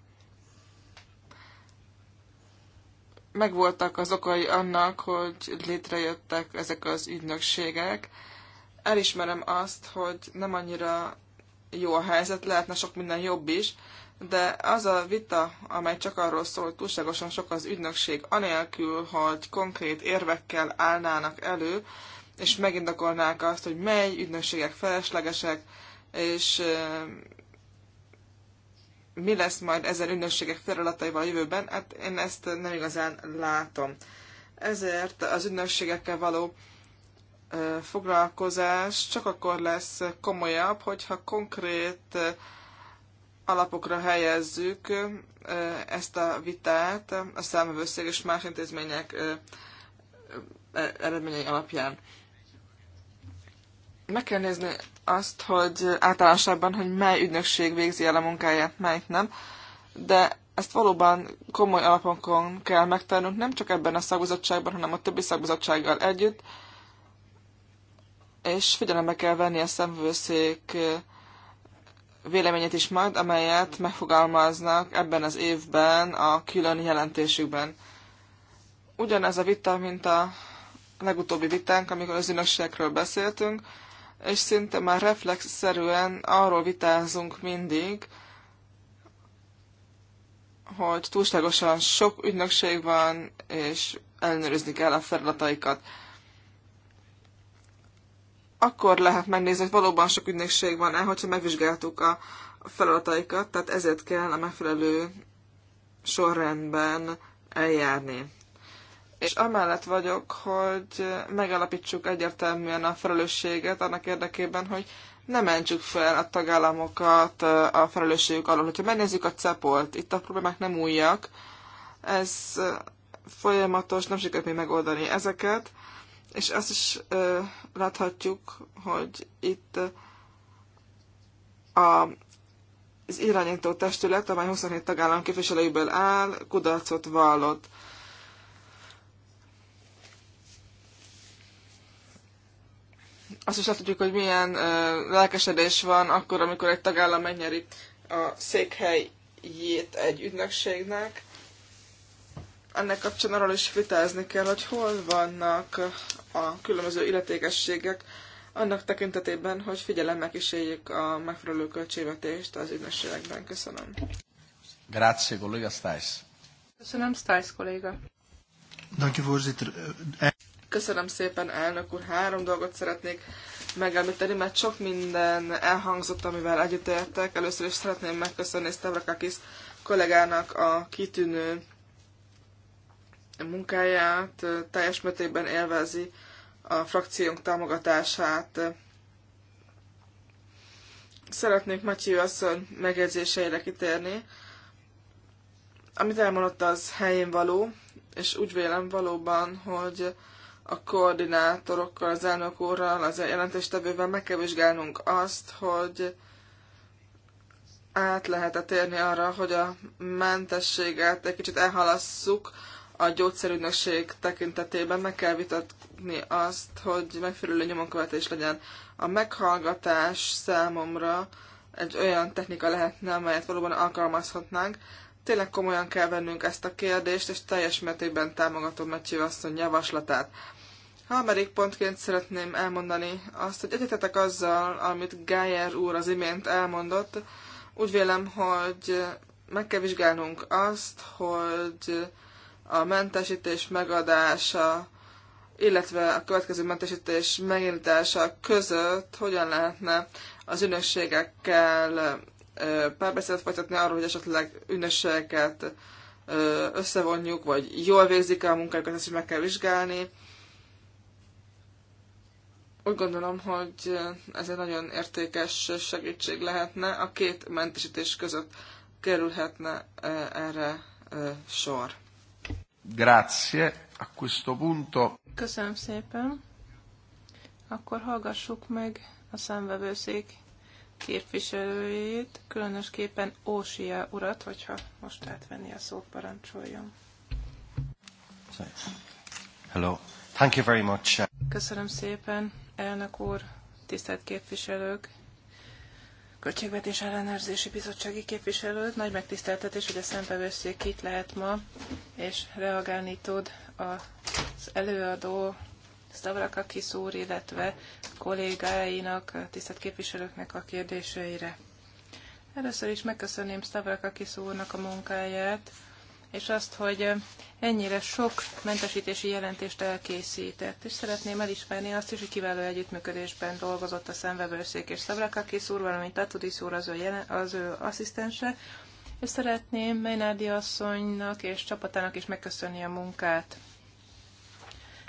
[SPEAKER 1] Megvoltak az okai annak, hogy létrejöttek ezek az ügynökségek, elismerem azt, hogy nem annyira jó a helyzet, lehetne sok minden jobb is, de az a vita, amely csak arról szól, hogy túlságosan sok az ügynökség, anélkül, hogy konkrét érvekkel állnának elő, és megindokolnák azt, hogy mely ügynökségek feleslegesek, és mi lesz majd ezen ügynökségek feladataival a jövőben, hát én ezt nem igazán látom. Ezért az ügynökségekkel való foglalkozás csak akkor lesz komolyabb, hogyha konkrét alapokra helyezzük ezt a vitát a számövőszék és más intézmények eredményei alapján. Meg kell nézni azt, hogy általánosságban, hogy mely ügynökség végzi el a munkáját, melyik nem, de ezt valóban komoly alapokon kell megtennünk, nem csak ebben a szakbizottságban, hanem a többi szakbizottsággal együtt, és figyelembe kell venni a szemvőszék véleményét is majd, amelyet megfogalmaznak ebben az évben a külön jelentésükben. Ugyanez a vita, mint a legutóbbi vitánk, amikor az ünökségekről beszéltünk, és szinte már reflexzerűen arról vitázunk mindig, hogy túlságosan sok ügynökség van, és elnőrizni kell a feladataikat akkor lehet megnézni, hogy valóban sok ügynökség van-e, hogyha megvizsgáltuk a feladataikat, tehát ezért kell a megfelelő sorrendben eljárni. És amellett vagyok, hogy megalapítsuk egyértelműen a felelősséget annak érdekében, hogy ne mentsük fel a tagállamokat a felelősségük alól. Hogyha megnézzük a cepolt, itt a problémák nem újak, ez folyamatos, nem sikerült még megoldani ezeket, és azt is ö, láthatjuk, hogy itt a, az irányító testület, amely 27 tagállam képviselőiből áll, kudarcot vallott. Azt is láthatjuk, hogy milyen ö, lelkesedés van akkor, amikor egy tagállam megnyeri a székhelyét egy ügynökségnek, ennek kapcsán arról is vitázni kell, hogy hol vannak a különböző illetékességek, annak tekintetében, hogy figyelemmel kísérjék a megfelelő költségvetést az ügynökségekben. Köszönöm.
[SPEAKER 3] Grazie, kolléga Stajs.
[SPEAKER 1] Köszönöm, Stajs kolléga. Eh, Köszönöm szépen, elnök úr. Három dolgot szeretnék megemlíteni, mert sok minden elhangzott, amivel együttértek. Először is szeretném megköszönni Stavrakakis kollégának a kitűnő munkáját teljes mértékben élvezi a frakciónk támogatását. Szeretnék Matyi asszony megjegyzéseire kitérni. Amit elmondott, az helyén való, és úgy vélem valóban, hogy a koordinátorokkal, az elnök úrral, az jelentéstevővel meg kell vizsgálnunk azt, hogy át lehet -e térni arra, hogy a mentességet egy kicsit elhalasszuk a gyógyszerügynökség tekintetében meg kell vitatni azt, hogy megfelelő nyomonkövetés legyen. A meghallgatás számomra egy olyan technika lehetne, amelyet valóban alkalmazhatnánk. Tényleg komolyan kell vennünk ezt a kérdést, és teljes mértékben támogatom Mecső asszony javaslatát. Harmadik pontként szeretném elmondani azt, hogy egyetetek azzal, amit Geyer úr az imént elmondott. Úgy vélem, hogy meg kell vizsgálnunk azt, hogy a mentesítés megadása, illetve a következő mentesítés megindítása között hogyan lehetne az ügynökségekkel párbeszédet folytatni arról, hogy esetleg ügynökségeket összevonjuk, vagy jól végzik a munkájukat, ezt is meg kell vizsgálni. Úgy gondolom, hogy ez egy nagyon értékes segítség lehetne. A két mentesítés között kerülhetne erre sor. Grazie.
[SPEAKER 3] A questo punto...
[SPEAKER 2] Köszönöm szépen. Akkor hallgassuk meg a szemvevőszék képviselőjét, különösképpen Ósia urat, hogyha most átvenni a szót, parancsoljon.
[SPEAKER 3] Hello. Thank you very much.
[SPEAKER 2] Köszönöm szépen, elnök úr, tisztelt képviselők. Költségvetés ellenőrzési bizottsági képviselő. Nagy megtiszteltetés, hogy a szembevőszék itt lehet ma, és reagálni tud az előadó Stavrakakis úr, illetve kollégáinak, tisztelt képviselőknek a kérdéseire. Először is megköszönném Stavrakakis úrnak a munkáját, és azt, hogy ennyire sok mentesítési jelentést elkészített. És szeretném elismerni azt is, hogy kiváló együttműködésben dolgozott a szemvevőszék és Szabrakaki szúr, valamint Tatudi szúr az ő, jelen, az ő asszisztense, és szeretném Mejnádi asszonynak és csapatának is megköszönni a munkát.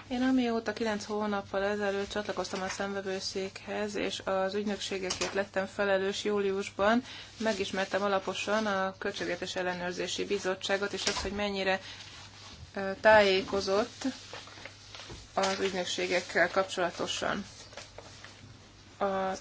[SPEAKER 2] Én amióta 9 hónappal ezelőtt csatlakoztam a szemvevőszékhez, és az ügynökségekért lettem felelős júliusban, megismertem alaposan a Költségvetés Ellenőrzési Bizottságot, és azt, hogy mennyire tájékozott az ügynökségekkel kapcsolatosan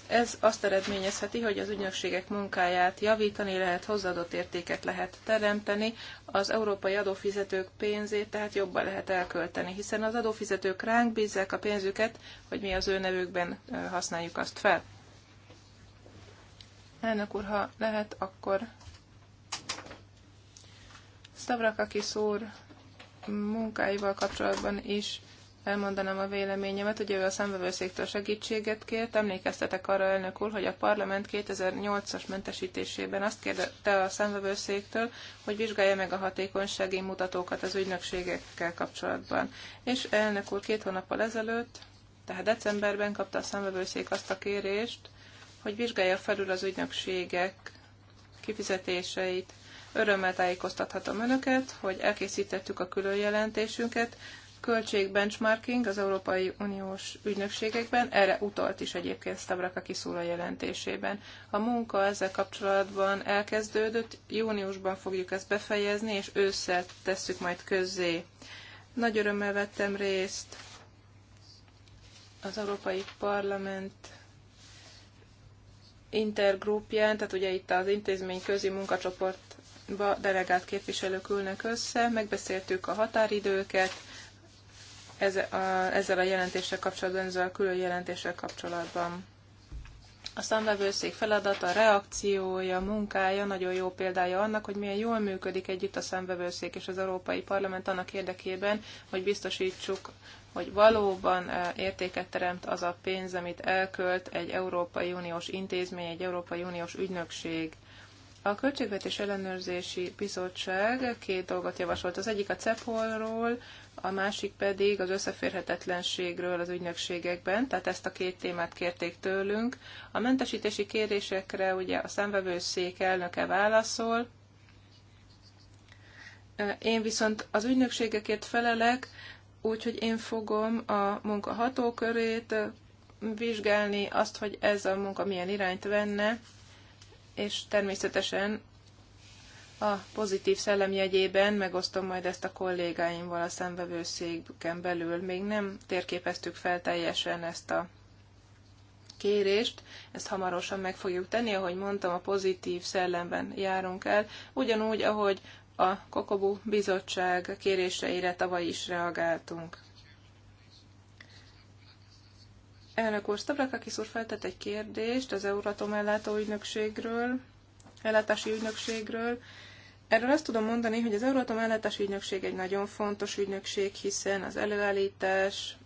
[SPEAKER 2] ez azt eredményezheti, hogy az ügynökségek munkáját javítani lehet, hozzáadott értéket lehet teremteni, az európai adófizetők pénzét tehát jobban lehet elkölteni, hiszen az adófizetők ránk bízzák a pénzüket, hogy mi az ő nevükben használjuk azt fel. Elnök úr, ha lehet, akkor Stavrakakis úr munkáival kapcsolatban is elmondanám a véleményemet. Ugye ő a szemvevőszéktől segítséget kért. Emlékeztetek arra, elnök úr, hogy a parlament 2008-as mentesítésében azt kérte a szemvevőszéktől, hogy vizsgálja meg a hatékonysági mutatókat az ügynökségekkel kapcsolatban. És elnök úr két hónappal ezelőtt, tehát decemberben kapta a szemvevőszék azt a kérést, hogy vizsgálja felül az ügynökségek kifizetéseit. Örömmel tájékoztathatom Önöket, hogy elkészítettük a különjelentésünket, költségbenchmarking az Európai Uniós ügynökségekben, erre utalt is egyébként a kiszúra jelentésében. A munka ezzel kapcsolatban elkezdődött, júniusban fogjuk ezt befejezni, és ősszel tesszük majd közzé. Nagy örömmel vettem részt az Európai Parlament intergrupján, tehát ugye itt az intézmény közi munkacsoportba delegált képviselők ülnek össze, megbeszéltük a határidőket, ezzel a jelentéssel kapcsolatban, ezzel a külön jelentéssel kapcsolatban. A számlevőszék feladata, reakciója, munkája nagyon jó példája annak, hogy milyen jól működik együtt a számlevőszék és az Európai Parlament annak érdekében, hogy biztosítsuk, hogy valóban e, értéket teremt az a pénz, amit elkölt egy Európai Uniós intézmény, egy Európai Uniós ügynökség. A Költségvetés Ellenőrzési Bizottság két dolgot javasolt. Az egyik a CEPOL-ról a másik pedig az összeférhetetlenségről az ügynökségekben, tehát ezt a két témát kérték tőlünk. A mentesítési kérésekre ugye a szemvevőszék elnöke válaszol, én viszont az ügynökségekért felelek, úgyhogy én fogom a munka hatókörét vizsgálni, azt, hogy ez a munka milyen irányt venne, és természetesen a pozitív jegyében megosztom majd ezt a kollégáimval a szemvevőszéken belül. Még nem térképeztük fel teljesen ezt a kérést, ezt hamarosan meg fogjuk tenni, ahogy mondtam, a pozitív szellemben járunk el, ugyanúgy, ahogy a Kokobu Bizottság kéréseire tavaly is reagáltunk. Elnök úr, Stavrakakis úr feltett egy kérdést az Euratom ellátó ügynökségről, ellátási ügynökségről. Erről azt tudom mondani, hogy az Euróta Mellettes ügynökség egy nagyon fontos ügynökség, hiszen az előállítás,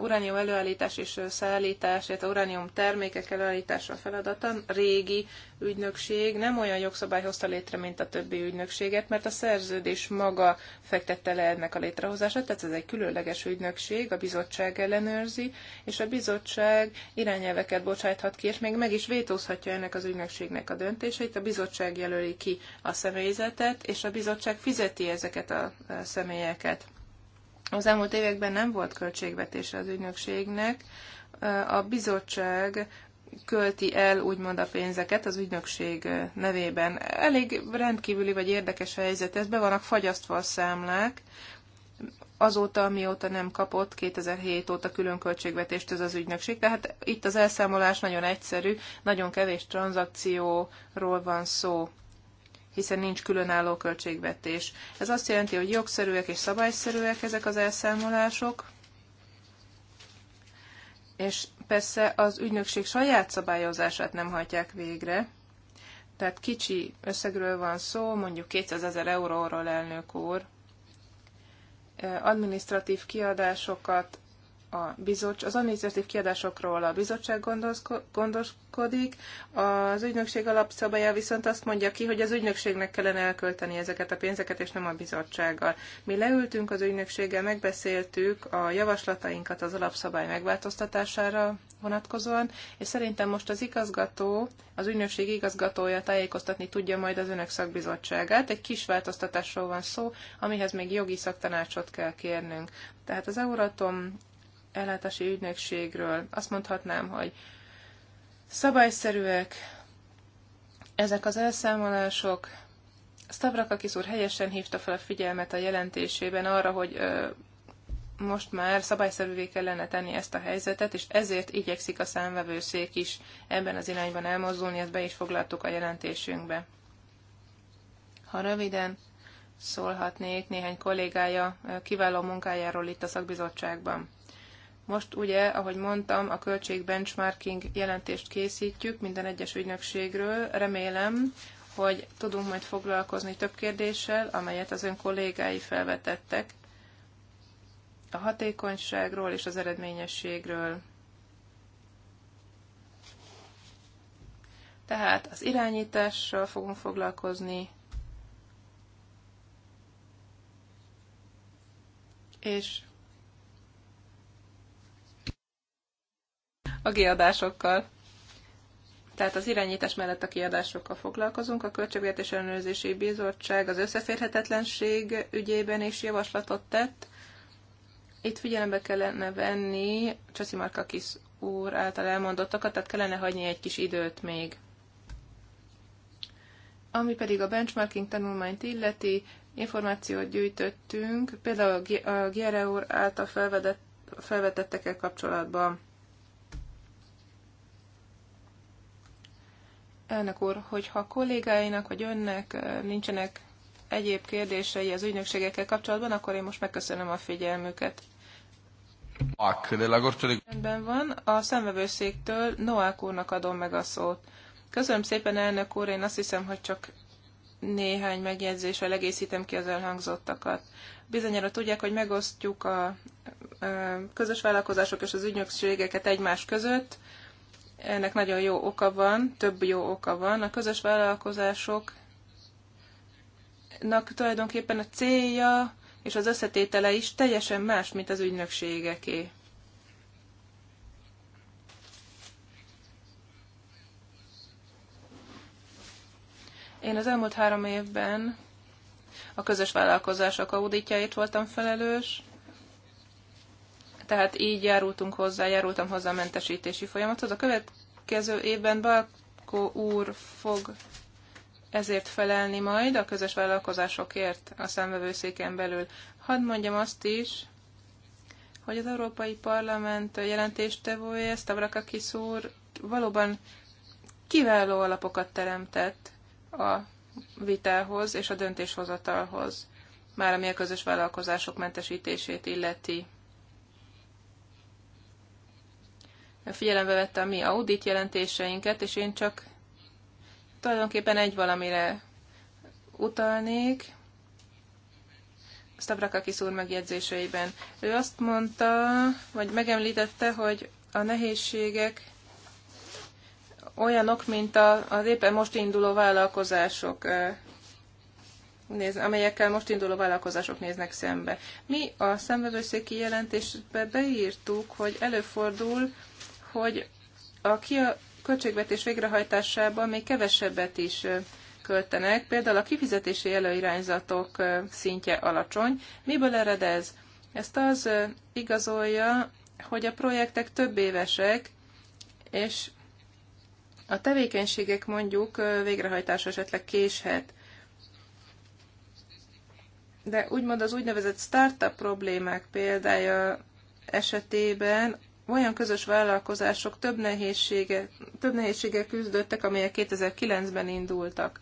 [SPEAKER 2] uránium előállítás és szállítás, illetve uránium termékek előállítása feladata régi ügynökség nem olyan jogszabály hozta létre, mint a többi ügynökséget, mert a szerződés maga fektette le ennek a létrehozását, tehát ez egy különleges ügynökség, a bizottság ellenőrzi, és a bizottság irányelveket bocsáthat ki, és még meg is vétózhatja ennek az ügynökségnek a döntéseit, a bizottság jelöli ki a személyzetet, és a bizottság fizeti ezeket a személyeket. Az elmúlt években nem volt költségvetése az ügynökségnek. A bizottság költi el úgymond a pénzeket az ügynökség nevében. Elég rendkívüli vagy érdekes helyzet, ez be vannak fagyasztva a számlák, azóta, mióta nem kapott 2007 óta külön költségvetést ez az ügynökség. Tehát itt az elszámolás nagyon egyszerű, nagyon kevés tranzakcióról van szó hiszen nincs különálló költségvetés. Ez azt jelenti, hogy jogszerűek és szabályszerűek ezek az elszámolások, és persze az ügynökség saját szabályozását nem hajtják végre, tehát kicsi összegről van szó, mondjuk 200 ezer euróról elnök úr. Administratív kiadásokat a bizottság, az administratív kiadásokról a bizottság gondoskodik, az ügynökség alapszabálya viszont azt mondja ki, hogy az ügynökségnek kellene elkölteni ezeket a pénzeket, és nem a bizottsággal. Mi leültünk az ügynökséggel, megbeszéltük a javaslatainkat az alapszabály megváltoztatására vonatkozóan, és szerintem most az igazgató, az ügynökség igazgatója tájékoztatni tudja majd az önök szakbizottságát. Egy kis változtatásról van szó, amihez még jogi szaktanácsot kell kérnünk. Tehát az Euratom ellátási ügynökségről azt mondhatnám, hogy szabályszerűek ezek az elszámolások. Stavrakakis úr helyesen hívta fel a figyelmet a jelentésében arra, hogy most már szabályszerűvé kellene tenni ezt a helyzetet, és ezért igyekszik a számvevőszék is ebben az irányban elmozdulni, ezt be is foglaltuk a jelentésünkbe. Ha röviden szólhatnék néhány kollégája kiváló munkájáról itt a szakbizottságban. Most ugye, ahogy mondtam, a benchmarking jelentést készítjük minden egyes ügynökségről. Remélem, hogy tudunk majd foglalkozni több kérdéssel, amelyet az ön kollégái felvetettek a hatékonyságról és az eredményességről. Tehát az irányítással fogunk foglalkozni, és a kiadásokkal. Tehát az irányítás mellett a kiadásokkal foglalkozunk. A Költségvetés Ellenőrzési Bizottság az összeférhetetlenség ügyében is javaslatot tett. Itt figyelembe kellene venni Csasi Markakis úr által elmondottakat, tehát kellene hagyni egy kis időt még. Ami pedig a benchmarking tanulmányt illeti, információt gyűjtöttünk, például a Gere úr által felvetettekkel kapcsolatban. Elnök úr, hogyha a kollégáinak vagy önnek nincsenek egyéb kérdései az ügynökségekkel kapcsolatban, akkor én most megköszönöm a figyelmüket. Rendben van, a szemvevőszéktől Noák úrnak adom meg a szót. Köszönöm szépen, elnök úr, én azt hiszem, hogy csak néhány megjegyzéssel egészítem ki az elhangzottakat. Bizonyára tudják, hogy megosztjuk a közös vállalkozások és az ügynökségeket egymás között, ennek nagyon jó oka van, több jó oka van. A közös vállalkozásoknak tulajdonképpen a célja és az összetétele is teljesen más, mint az ügynökségeké. Én az elmúlt három évben a közös vállalkozások auditjait voltam felelős, tehát így járultunk hozzá, járultam hozzá a mentesítési folyamathoz. A következő évben Balkó úr fog ezért felelni majd a közös vállalkozásokért a számvevőszéken belül. Hadd mondjam azt is, hogy az Európai Parlament jelentéstevője, Stavrakakis úr valóban kiváló alapokat teremtett a vitához és a döntéshozatalhoz, már ami a közös vállalkozások mentesítését illeti. figyelembe vette a mi audit jelentéseinket, és én csak tulajdonképpen egy valamire utalnék, Stavrakakis úr megjegyzéseiben. Ő azt mondta, vagy megemlítette, hogy a nehézségek olyanok, mint a, az éppen most induló vállalkozások, néz, amelyekkel most induló vállalkozások néznek szembe. Mi a szemvevőszéki jelentésbe beírtuk, hogy előfordul, hogy a költségvetés végrehajtásában még kevesebbet is költenek, például a kifizetési előirányzatok szintje alacsony. Miből ered ez? Ezt az igazolja, hogy a projektek több évesek, és a tevékenységek mondjuk végrehajtása esetleg késhet. De úgymond az úgynevezett startup problémák példája esetében olyan közös vállalkozások több, nehézsége, több nehézséggel küzdöttek, amelyek 2009-ben indultak.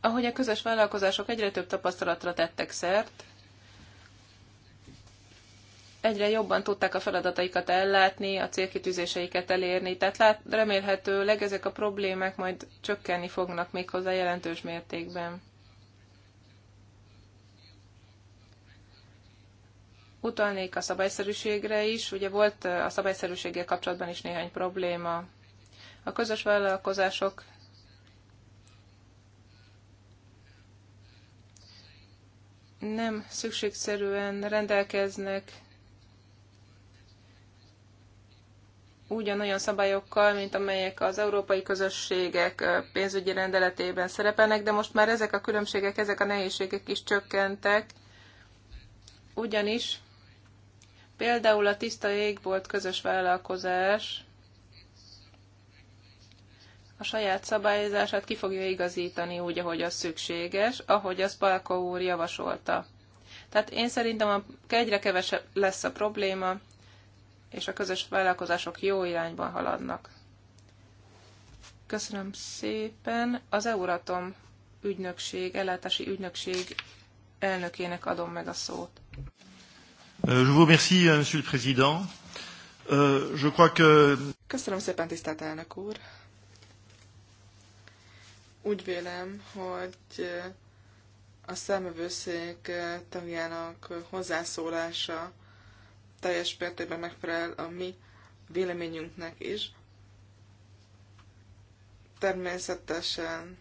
[SPEAKER 2] Ahogy a közös vállalkozások egyre több tapasztalatra tettek szert, egyre jobban tudták a feladataikat ellátni, a célkitűzéseiket elérni, tehát lát, remélhetőleg ezek a problémák majd csökkenni fognak méghozzá jelentős mértékben. Utalnék a szabályszerűségre is. Ugye volt a szabályszerűséggel kapcsolatban is néhány probléma. A közös vállalkozások nem szükségszerűen rendelkeznek ugyanolyan szabályokkal, mint amelyek az európai közösségek pénzügyi rendeletében szerepelnek, de most már ezek a különbségek, ezek a nehézségek is csökkentek, ugyanis Például a Tiszta Ég volt közös vállalkozás, a saját szabályozását ki fogja igazítani úgy, ahogy az szükséges, ahogy az Palko úr javasolta. Tehát én szerintem a, egyre kevesebb lesz a probléma, és a közös vállalkozások jó irányban haladnak. Köszönöm szépen. Az Euratom ügynökség, ellátási ügynökség elnökének adom meg a szót. Euh, je vous remercie, euh, Monsieur le Président. Euh, je crois
[SPEAKER 1] que... Köszönöm szépen, tisztelt elnök úr. Úgy vélem, hogy uh, a számövőszék uh, tagjának hozzászólása teljes mértékben megfelel a mi véleményünknek is. Természetesen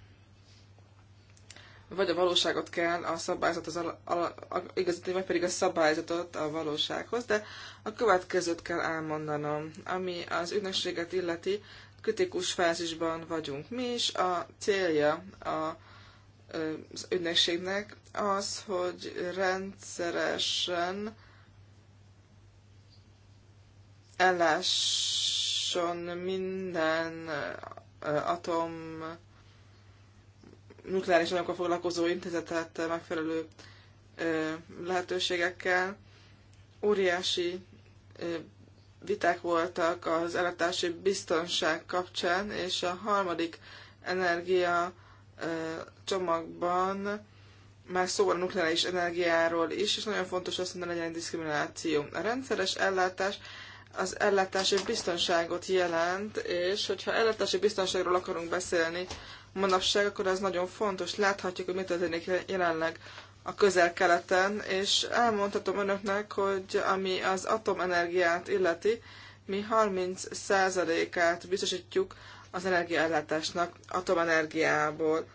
[SPEAKER 1] vagy a valóságot kell a szabályzat az al- igazítani, vagy pedig a szabályzatot a valósághoz, de a következőt kell elmondanom. Ami az ügynökséget illeti, kritikus fázisban vagyunk mi is. A célja a, az ügynökségnek az, hogy rendszeresen ellásson minden atom nukleáris anyagokkal foglalkozó intézetet megfelelő lehetőségekkel. Óriási viták voltak az ellátási biztonság kapcsán, és a harmadik energia csomagban már szó van a nukleáris energiáról is, és nagyon fontos azt mondani, legyen diszkrimináció. A rendszeres ellátás az ellátási biztonságot jelent, és hogyha ellátási biztonságról akarunk beszélni manapság, akkor ez nagyon fontos. Láthatjuk, hogy mi történik jelenleg a közel-keleten, és elmondhatom önöknek, hogy ami az atomenergiát illeti, mi 30%-át biztosítjuk az energiaellátásnak atomenergiából.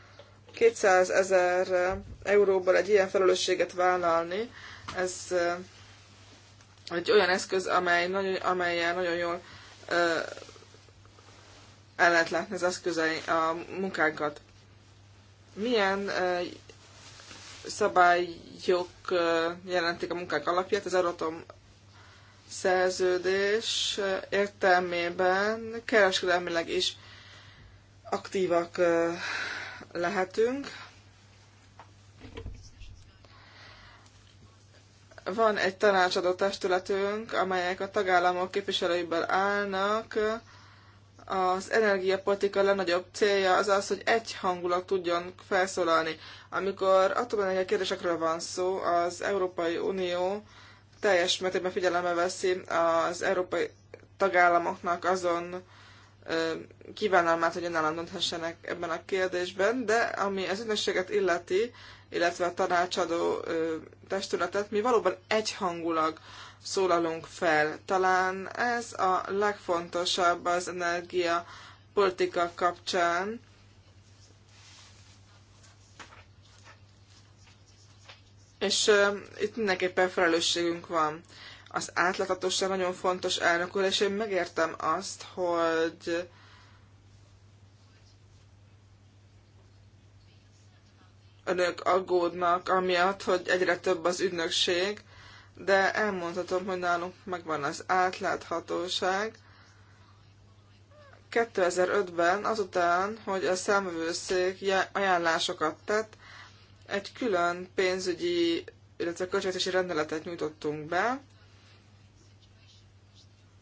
[SPEAKER 1] 200 ezer euróból egy ilyen felelősséget vállalni, ez egy olyan eszköz, amely nagyon, amelyen nagyon jól el lehet látni az eszközei, a munkánkat. Milyen szabályok jelentik a munkák alapját? Az Euratom szerződés értelmében kereskedelmileg is aktívak lehetünk. Van egy tanácsadó testületünk, amelyek a tagállamok képviselőiből állnak, az energiapolitika legnagyobb célja az az, hogy egy hangulat tudjon felszólalni. Amikor atomenergia kérdésekről van szó, az Európai Unió teljes mértékben figyelembe veszi az európai tagállamoknak azon kívánalmát, hogy önállóan dönthessenek ebben a kérdésben, de ami az ügynökséget illeti, illetve a tanácsadó testületet, mi valóban egyhangulag szólalunk fel. Talán ez a legfontosabb az energia politika kapcsán. És uh, itt mindenképpen felelősségünk van. Az átláthatóság nagyon fontos elnök úr, és én megértem azt, hogy önök aggódnak amiatt, hogy egyre több az ügynökség, de elmondhatom, hogy nálunk megvan az átláthatóság. 2005-ben azután, hogy a számvevőszék ajánlásokat tett, egy külön pénzügyi, illetve költségvetési rendeletet nyújtottunk be,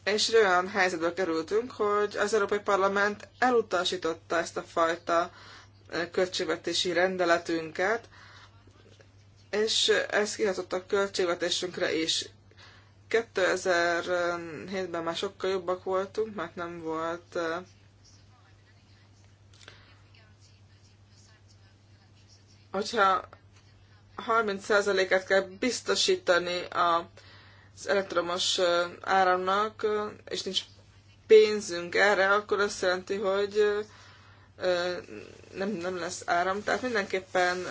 [SPEAKER 1] és olyan helyzetbe kerültünk, hogy az Európai Parlament elutasította ezt a fajta eh, költségvetési rendeletünket, és ez kihatott a költségvetésünkre is. 2007-ben már sokkal jobbak voltunk, mert nem volt hogyha 30 et kell biztosítani az elektromos áramnak, és nincs pénzünk erre, akkor azt jelenti, hogy nem, nem lesz áram. Tehát mindenképpen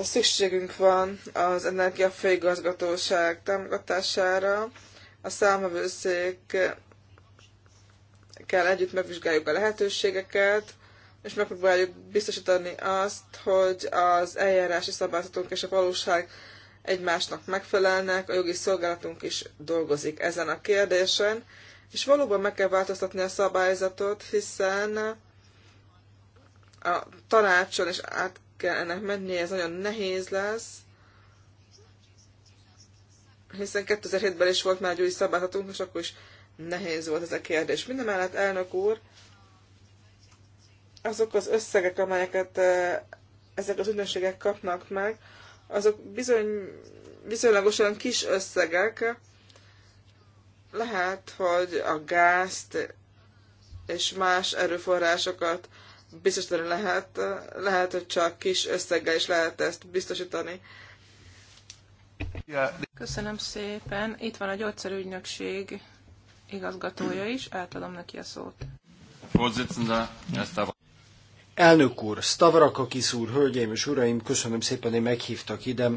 [SPEAKER 1] Szükségünk van az energiafőigazgatóság támogatására. A számövőszék kell együtt megvizsgáljuk a lehetőségeket, és megpróbáljuk biztosítani azt, hogy az eljárási szabályzatunk és a valóság egymásnak megfelelnek, a jogi szolgálatunk is dolgozik ezen a kérdésen, és valóban meg kell változtatni a szabályzatot, hiszen a tanácson is át kell ennek mennie, ez nagyon nehéz lesz, hiszen 2007-ben is volt már egy új szabályzatunk, és akkor is nehéz volt ez a kérdés. mellett, elnök úr, azok az összegek, amelyeket eh, ezek az ügynökségek kapnak meg, azok bizony, viszonylagosan kis összegek. Lehet, hogy a gázt és más erőforrásokat biztosítani lehet, lehet, hogy csak kis összeggel is lehet ezt biztosítani.
[SPEAKER 2] Köszönöm szépen. Itt van a gyógyszerügynökség igazgatója is, átadom neki a szót.
[SPEAKER 3] Elnök úr, Stavrakakis úr, hölgyeim és uraim, köszönöm szépen, hogy meghívtak ide,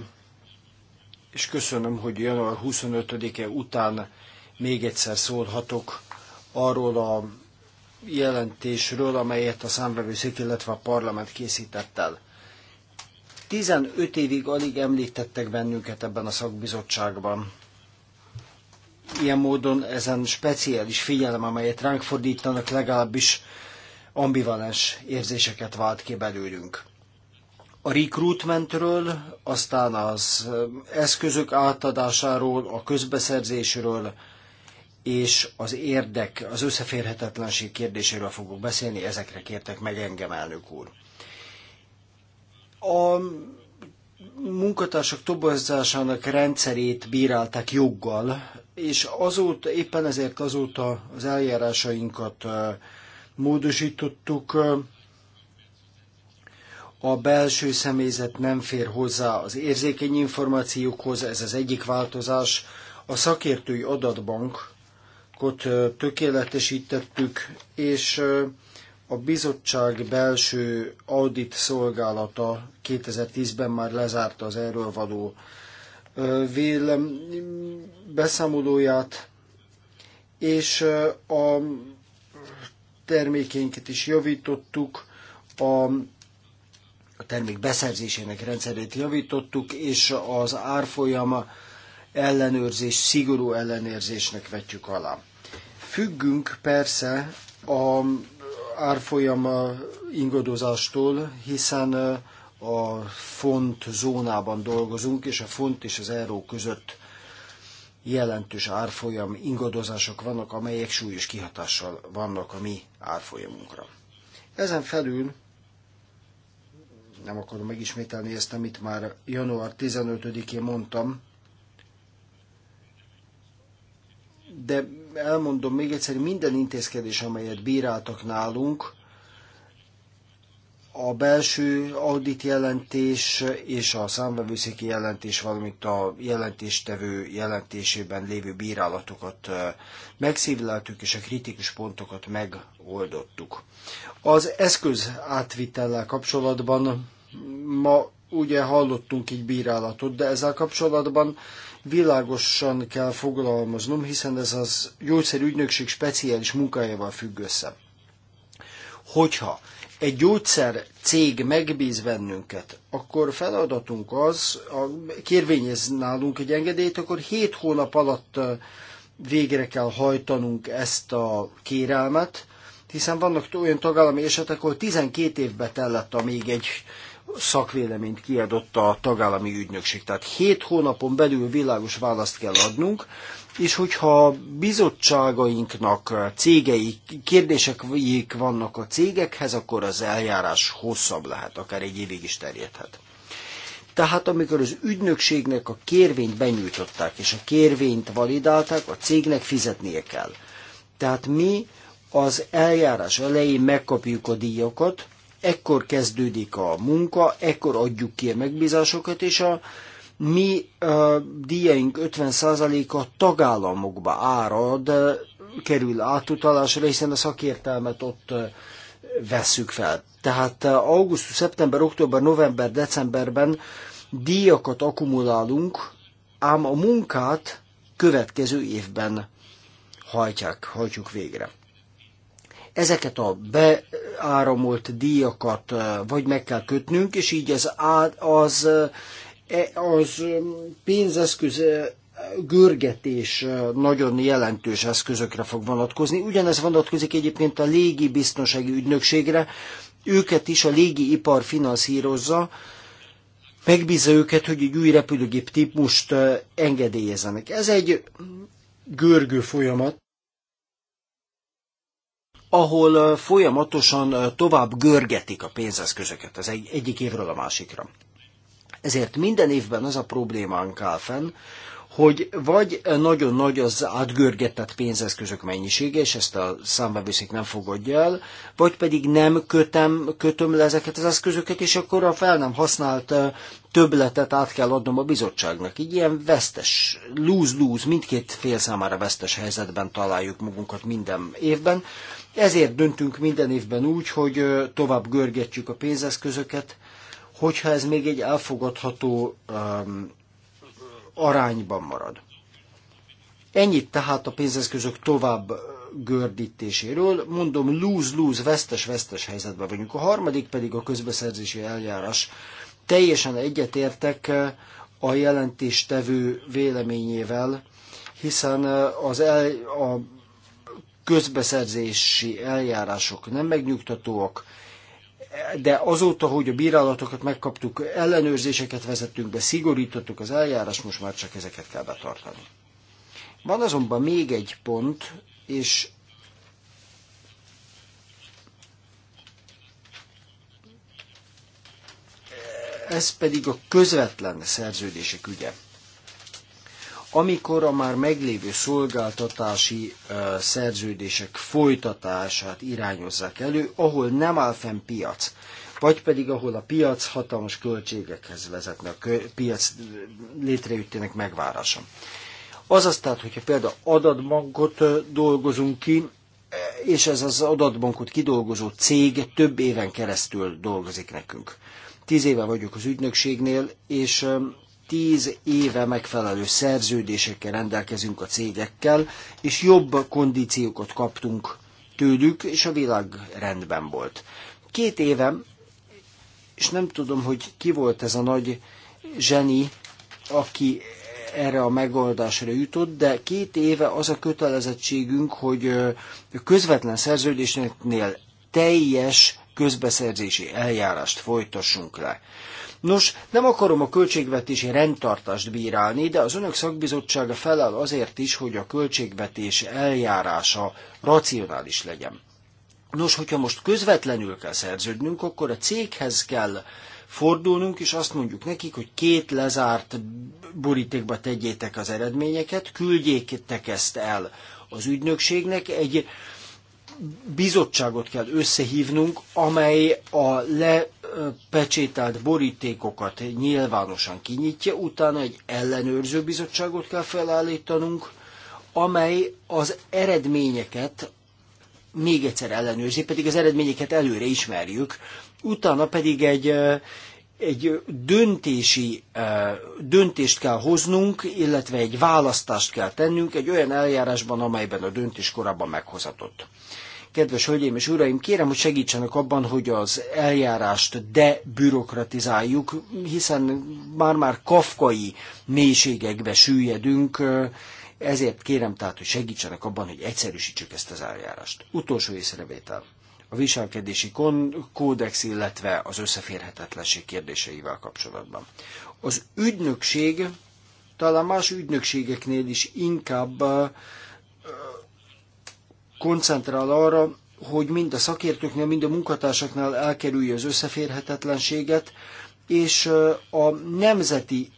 [SPEAKER 3] és köszönöm, hogy január 25-e után még egyszer szólhatok arról a jelentésről, amelyet a számvevőszék, illetve a parlament készített el. 15 évig alig említettek bennünket ebben a szakbizottságban. Ilyen módon ezen speciális figyelem, amelyet ránk fordítanak, legalábbis ambivalens érzéseket vált ki belőlünk. A recruitmentről, aztán az eszközök átadásáról, a közbeszerzésről, és az érdek, az összeférhetetlenség kérdéséről fogok beszélni, ezekre kértek meg engem, elnök úr. A munkatársak tobozásának rendszerét bírálták joggal, és azóta, éppen ezért azóta az eljárásainkat módosítottuk, a belső személyzet nem fér hozzá az érzékeny információkhoz, ez az egyik változás. A szakértői adatbank kot tökéletesítettük, és a bizottság belső audit szolgálata 2010-ben már lezárta az erről való vélem beszámolóját, és a termékénket is javítottuk, a a termék beszerzésének rendszerét javítottuk, és az árfolyama ellenőrzés, szigorú ellenőrzésnek vetjük alá. Függünk persze a árfolyam ingadozástól, hiszen a font zónában dolgozunk, és a font és az euró között jelentős árfolyam ingadozások vannak, amelyek súlyos kihatással vannak a mi árfolyamunkra. Ezen felül nem akarom megismételni ezt, amit már január 15-én mondtam, de elmondom még egyszer, minden intézkedés, amelyet bíráltak nálunk, a belső audit jelentés és a számvevőszéki jelentés, valamint a jelentéstevő jelentésében lévő bírálatokat megszívleltük, és a kritikus pontokat megoldottuk. Az eszköz átvitellel kapcsolatban ma ugye hallottunk így bírálatot, de ezzel kapcsolatban világosan kell foglalmaznom, hiszen ez az gyógyszerügynökség speciális munkájával függ össze. Hogyha egy gyógyszer cég megbíz bennünket, akkor feladatunk az, a, kérvényez nálunk egy engedélyt, akkor 7 hónap alatt végre kell hajtanunk ezt a kérelmet, hiszen vannak olyan tagállami esetek, ahol 12 évbe tellett, amíg egy szakvéleményt kiadott a tagállami ügynökség. Tehát hét hónapon belül világos választ kell adnunk, és hogyha bizottságainknak cégei, kérdések vannak a cégekhez, akkor az eljárás hosszabb lehet, akár egy évig is terjedhet. Tehát amikor az ügynökségnek a kérvényt benyújtották, és a kérvényt validálták, a cégnek fizetnie kell. Tehát mi az eljárás elején megkapjuk a díjakat, ekkor kezdődik a munka, ekkor adjuk ki a megbízásokat, és a mi ö, díjaink 50%-a tagállamokba árad, kerül átutalásra, hiszen a szakértelmet ott vesszük fel. Tehát augusztus, szeptember, október, november, decemberben díjakat akkumulálunk, ám a munkát következő évben hajtják, hajtjuk végre ezeket a beáramolt díjakat vagy meg kell kötnünk, és így az, az, e- az pénzeszköz görgetés nagyon jelentős eszközökre fog vonatkozni. Ugyanez vonatkozik egyébként a légi biztonsági ügynökségre, őket is a légi ipar finanszírozza, megbízza őket, hogy egy új repülőgép típust engedélyezenek. Ez egy görgő folyamat, ahol folyamatosan tovább görgetik a pénzeszközöket az egy, egyik évről a másikra. Ezért minden évben az a problémánk áll fenn, hogy vagy nagyon nagy az átgörgetett pénzeszközök mennyisége, és ezt a számbevőszék nem fogadja el, vagy pedig nem kötem, kötöm le ezeket az eszközöket, és akkor a fel nem használt többletet át kell adnom a bizottságnak. Így ilyen vesztes, lose-lose, mindkét fél számára vesztes helyzetben találjuk magunkat minden évben, ezért döntünk minden évben úgy, hogy tovább görgetjük a pénzeszközöket, hogyha ez még egy elfogadható um, arányban marad. Ennyit tehát a pénzeszközök tovább gördítéséről. Mondom, lose-lose, vesztes-vesztes helyzetben vagyunk. A harmadik pedig a közbeszerzési eljárás. Teljesen egyetértek a jelentéstevő véleményével, hiszen az el, a közbeszerzési eljárások nem megnyugtatóak, de azóta, hogy a bírálatokat megkaptuk, ellenőrzéseket vezettünk be, szigorítottuk az eljárás, most már csak ezeket kell betartani. Van azonban még egy pont, és ez pedig a közvetlen szerződések ügye amikor a már meglévő szolgáltatási szerződések folytatását irányozzák elő, ahol nem áll fenn piac, vagy pedig ahol a piac hatalmas költségekhez vezetne a piac létrejöttének megvárása. Azaz tehát, hogyha például adatbankot dolgozunk ki, e, és ez az adatbankot kidolgozó cég több éven keresztül dolgozik nekünk. Tíz éve vagyok az ügynökségnél, és tíz éve megfelelő szerződésekkel rendelkezünk a cégekkel, és jobb kondíciókat kaptunk tőlük, és a világ rendben volt. Két éve, és nem tudom, hogy ki volt ez a nagy zseni, aki erre a megoldásra jutott, de két éve az a kötelezettségünk, hogy közvetlen szerződésnél teljes közbeszerzési eljárást folytassunk le. Nos, nem akarom a költségvetési rendtartást bírálni, de az önök szakbizottsága felel azért is, hogy a költségvetés eljárása racionális legyen. Nos, hogyha most közvetlenül kell szerződnünk, akkor a céghez kell fordulnunk, és azt mondjuk nekik, hogy két lezárt borítékba tegyétek az eredményeket, küldjétek ezt el az ügynökségnek, egy bizottságot kell összehívnunk, amely a lepecsételt borítékokat nyilvánosan kinyitja, utána egy ellenőrző bizottságot kell felállítanunk, amely az eredményeket még egyszer ellenőrzi, pedig az eredményeket előre ismerjük, utána pedig egy, egy döntési döntést kell hoznunk, illetve egy választást kell tennünk egy olyan eljárásban, amelyben a döntés korábban meghozatott. Kedves hölgyeim és uraim, kérem, hogy segítsenek abban, hogy az eljárást debürokratizáljuk, hiszen már-már kafkai mélységekbe süllyedünk, ezért kérem tehát, hogy segítsenek abban, hogy egyszerűsítsük ezt az eljárást. Utolsó észrevétel. A viselkedési kódex, illetve az összeférhetetlenség kérdéseivel kapcsolatban. Az ügynökség talán más ügynökségeknél is inkább koncentrál arra, hogy mind a szakértőknél, mind a munkatársaknál elkerülje az összeférhetetlenséget, és a nemzeti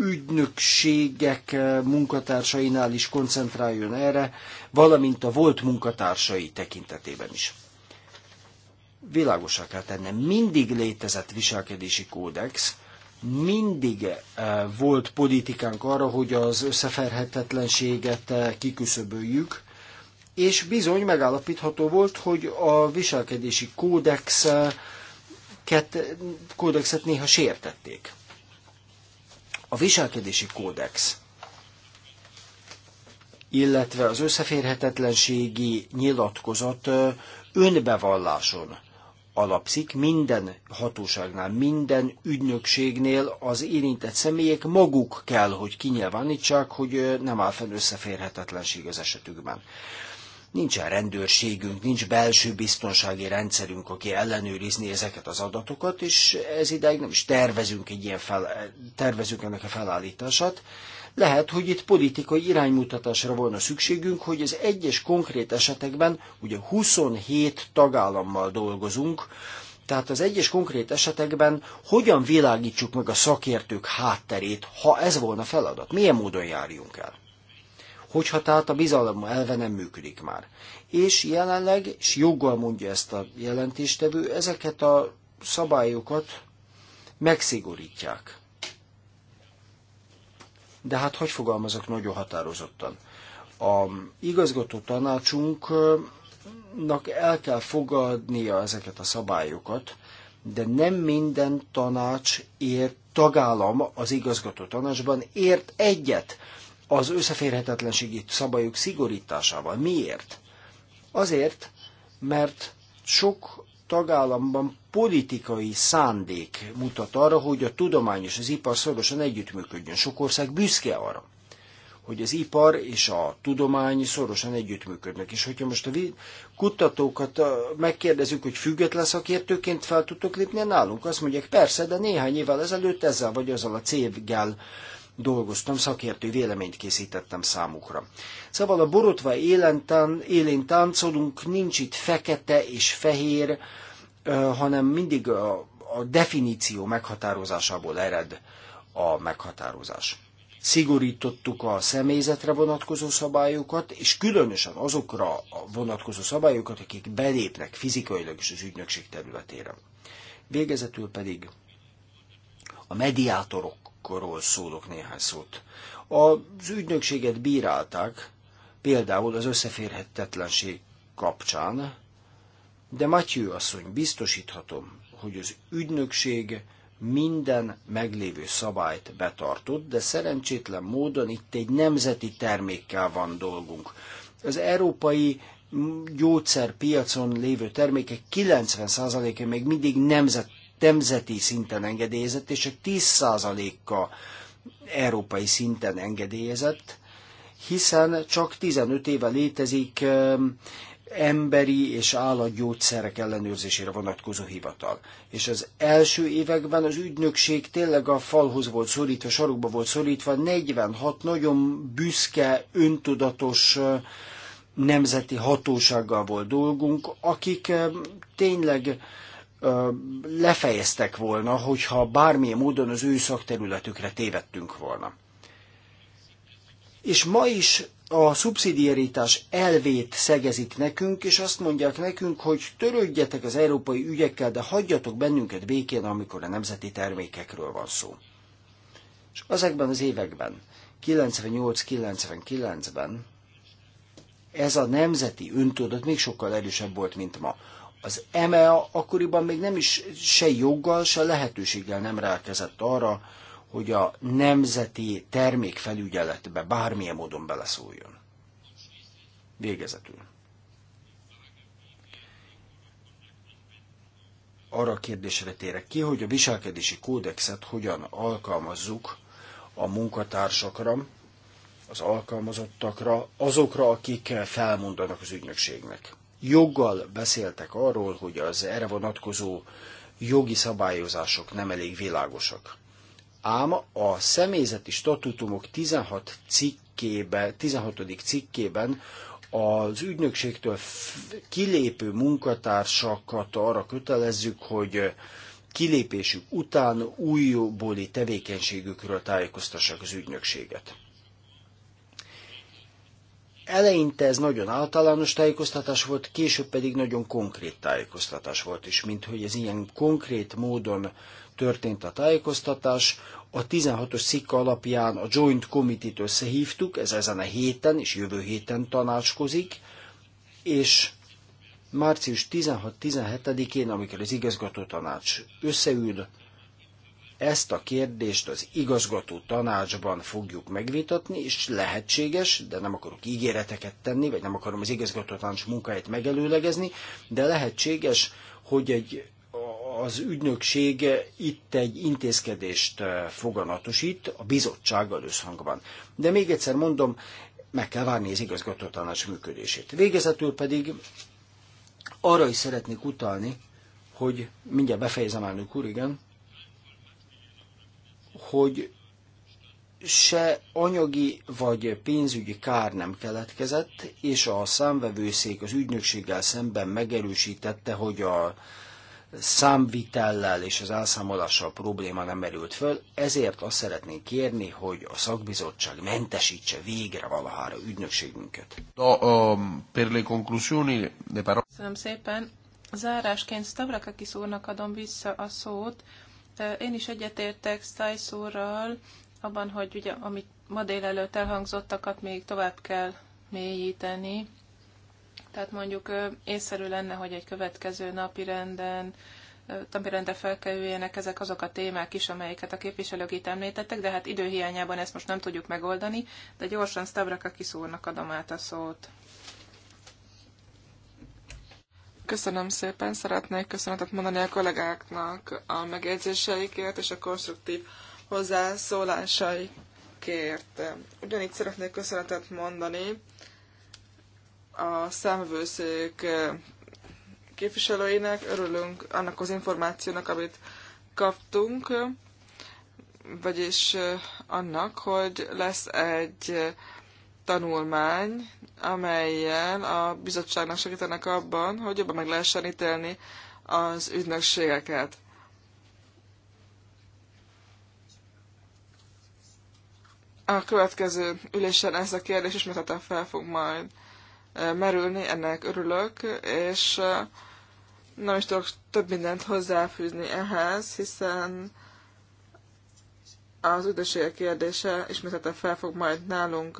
[SPEAKER 3] ügynökségek munkatársainál is koncentráljon erre, valamint a volt munkatársai tekintetében is. Világosá kell tennem, mindig létezett viselkedési kódex, mindig volt politikánk arra, hogy az összeferhetetlenséget kiküszöböljük, és bizony megállapítható volt, hogy a viselkedési kódex, kódexet néha sértették. A viselkedési kódex, illetve az összeférhetetlenségi nyilatkozat önbevalláson alapszik minden hatóságnál, minden ügynökségnél az érintett személyek maguk kell, hogy kinyilvánítsák, hogy nem áll fenn összeférhetetlenség az esetükben. Nincsen rendőrségünk, nincs belső biztonsági rendszerünk, aki ellenőrizni ezeket az adatokat, és ez ideig nem is tervezünk, egy ilyen fel, tervezünk ennek a felállítását. Lehet, hogy itt politikai iránymutatásra volna szükségünk, hogy az egyes konkrét esetekben, ugye 27 tagállammal dolgozunk, tehát az egyes konkrét esetekben hogyan világítsuk meg a szakértők hátterét, ha ez volna feladat? Milyen módon járjunk el? hogyha tehát a bizalom elve nem működik már. És jelenleg, és joggal mondja ezt a jelentéstevő, ezeket a szabályokat megszigorítják. De hát hogy fogalmazok nagyon határozottan? A igazgató tanácsunknak el kell fogadnia ezeket a szabályokat, de nem minden tanács ért, tagállam az igazgató tanácsban ért egyet az összeférhetetlenségi szabályok szigorításával. Miért? Azért, mert sok tagállamban politikai szándék mutat arra, hogy a tudomány és az ipar szorosan együttműködjön. Sok ország büszke arra, hogy az ipar és a tudomány szorosan együttműködnek. És hogyha most a kutatókat megkérdezünk, hogy független szakértőként fel tudtok lépni nálunk, azt mondják, persze, de néhány évvel ezelőtt ezzel vagy azzal a céggel dolgoztam, szakértő véleményt készítettem számukra. Szóval a borotva élen, tán, élén táncolunk, nincs itt fekete és fehér, hanem mindig a, a definíció meghatározásából ered a meghatározás. Szigorítottuk a személyzetre vonatkozó szabályokat, és különösen azokra a vonatkozó szabályokat, akik belépnek fizikailag is az ügynökség területére. Végezetül pedig a mediátorok bankról szólok néhány szót. Az ügynökséget bírálták, például az összeférhetetlenség kapcsán, de Matyő asszony, biztosíthatom, hogy az ügynökség minden meglévő szabályt betartott, de szerencsétlen módon itt egy nemzeti termékkel van dolgunk. Az európai gyógyszerpiacon lévő termékek 90%-a még mindig nemzet nemzeti szinten engedélyezett, és csak 10%-a európai szinten engedélyezett, hiszen csak 15 éve létezik emberi és állatgyógyszerek ellenőrzésére vonatkozó hivatal. És az első években az ügynökség tényleg a falhoz volt szorítva, sarokba volt szorítva, 46 nagyon büszke, öntudatos nemzeti hatósággal volt dolgunk, akik tényleg lefejeztek volna, hogyha bármilyen módon az ő szakterületükre tévedtünk volna. És ma is a szubszidiaritás elvét szegezik nekünk, és azt mondják nekünk, hogy törődjetek az európai ügyekkel, de hagyjatok bennünket békén, amikor a nemzeti termékekről van szó. És ezekben az években, 98-99-ben ez a nemzeti öntudat még sokkal erősebb volt, mint ma az EMEA akkoriban még nem is se joggal, se lehetőséggel nem rákezett arra, hogy a nemzeti termékfelügyeletbe bármilyen módon beleszóljon. Végezetül. Arra a kérdésre térek ki, hogy a viselkedési kódexet hogyan alkalmazzuk a munkatársakra, az alkalmazottakra, azokra, akik felmondanak az ügynökségnek joggal beszéltek arról, hogy az erre vonatkozó jogi szabályozások nem elég világosak. Ám a személyzeti statutumok 16 cikkébe, 16. cikkében az ügynökségtől kilépő munkatársakat arra kötelezzük, hogy kilépésük után újbóli tevékenységükről tájékoztassák az ügynökséget eleinte ez nagyon általános tájékoztatás volt, később pedig nagyon konkrét tájékoztatás volt is, mint hogy ez ilyen konkrét módon történt a tájékoztatás. A 16-os szikka alapján a Joint Committee-t összehívtuk, ez ezen a héten és jövő héten tanácskozik, és március 16-17-én, amikor az igazgató tanács összeül, ezt a kérdést az igazgató tanácsban fogjuk megvitatni, és lehetséges, de nem akarok ígéreteket tenni, vagy nem akarom az igazgató tanács munkáját megelőlegezni, de lehetséges, hogy egy az ügynökség itt egy intézkedést eh, foganatosít a bizottsággal összhangban. De még egyszer mondom, meg kell várni az igazgatótanács működését. Végezetül pedig arra is szeretnék utalni, hogy mindjárt befejezem elnök úr, igen, hogy se anyagi vagy pénzügyi kár nem keletkezett, és a számvevőszék az ügynökséggel szemben megerősítette, hogy a számvitellel és az elszámolással probléma nem merült föl, ezért azt szeretnénk kérni, hogy a szakbizottság mentesítse végre valahára ügynökségünket. A, a, um, per le conclusioni, de
[SPEAKER 2] Köszönöm szépen. Zárásként Stavrakakis úrnak adom vissza a szót, én is egyetértek Stice úrral abban, hogy ugye, amit ma délelőtt elhangzottakat még tovább kell mélyíteni. Tehát mondjuk észszerű lenne, hogy egy következő napi renden napirendre felkerüljenek ezek azok a témák is, amelyeket a képviselők itt említettek, de hát időhiányában ezt most nem tudjuk megoldani, de gyorsan Stavraka úrnak adom át
[SPEAKER 1] a szót. Köszönöm szépen, szeretnék köszönetet mondani a kollégáknak a megjegyzéseikért és a konstruktív hozzászólásaikért. Ugyanígy szeretnék köszönetet mondani a számvőszék képviselőinek. Örülünk annak az információnak, amit kaptunk, vagyis annak, hogy lesz egy tanulmány, amelyen a bizottságnak segítenek abban, hogy jobban meg lehessen ítélni az ügynökségeket. A következő ülésen ez a kérdés ismételten fel fog majd e, merülni, ennek örülök, és e, nem is tudok több mindent hozzáfűzni ehhez, hiszen az ügynökségek kérdése ismételten fel fog majd nálunk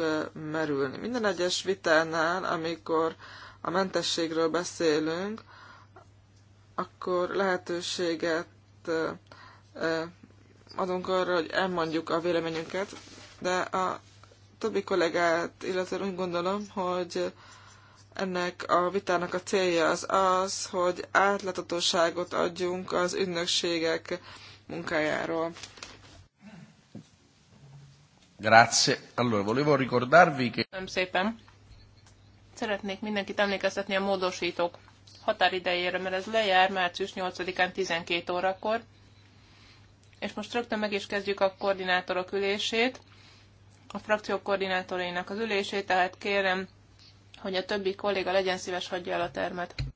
[SPEAKER 1] merülni. Minden egyes vitánál, amikor a mentességről beszélünk, akkor lehetőséget adunk arra, hogy elmondjuk a véleményünket, de a többi kollégát, illetve úgy gondolom, hogy ennek a vitának a célja az az, hogy átlátatóságot adjunk az ügynökségek munkájáról. Grazie. Allora, volevo ricordarvi che... Köszönöm szépen.
[SPEAKER 2] Szeretnék mindenkit emlékeztetni a módosítók határidejére, mert ez lejár március 8-án 12 órakor. És most rögtön meg is kezdjük a koordinátorok ülését, a frakciók koordinátorainak az ülését, tehát kérem, hogy a többi kolléga legyen szíves hagyja el a termet.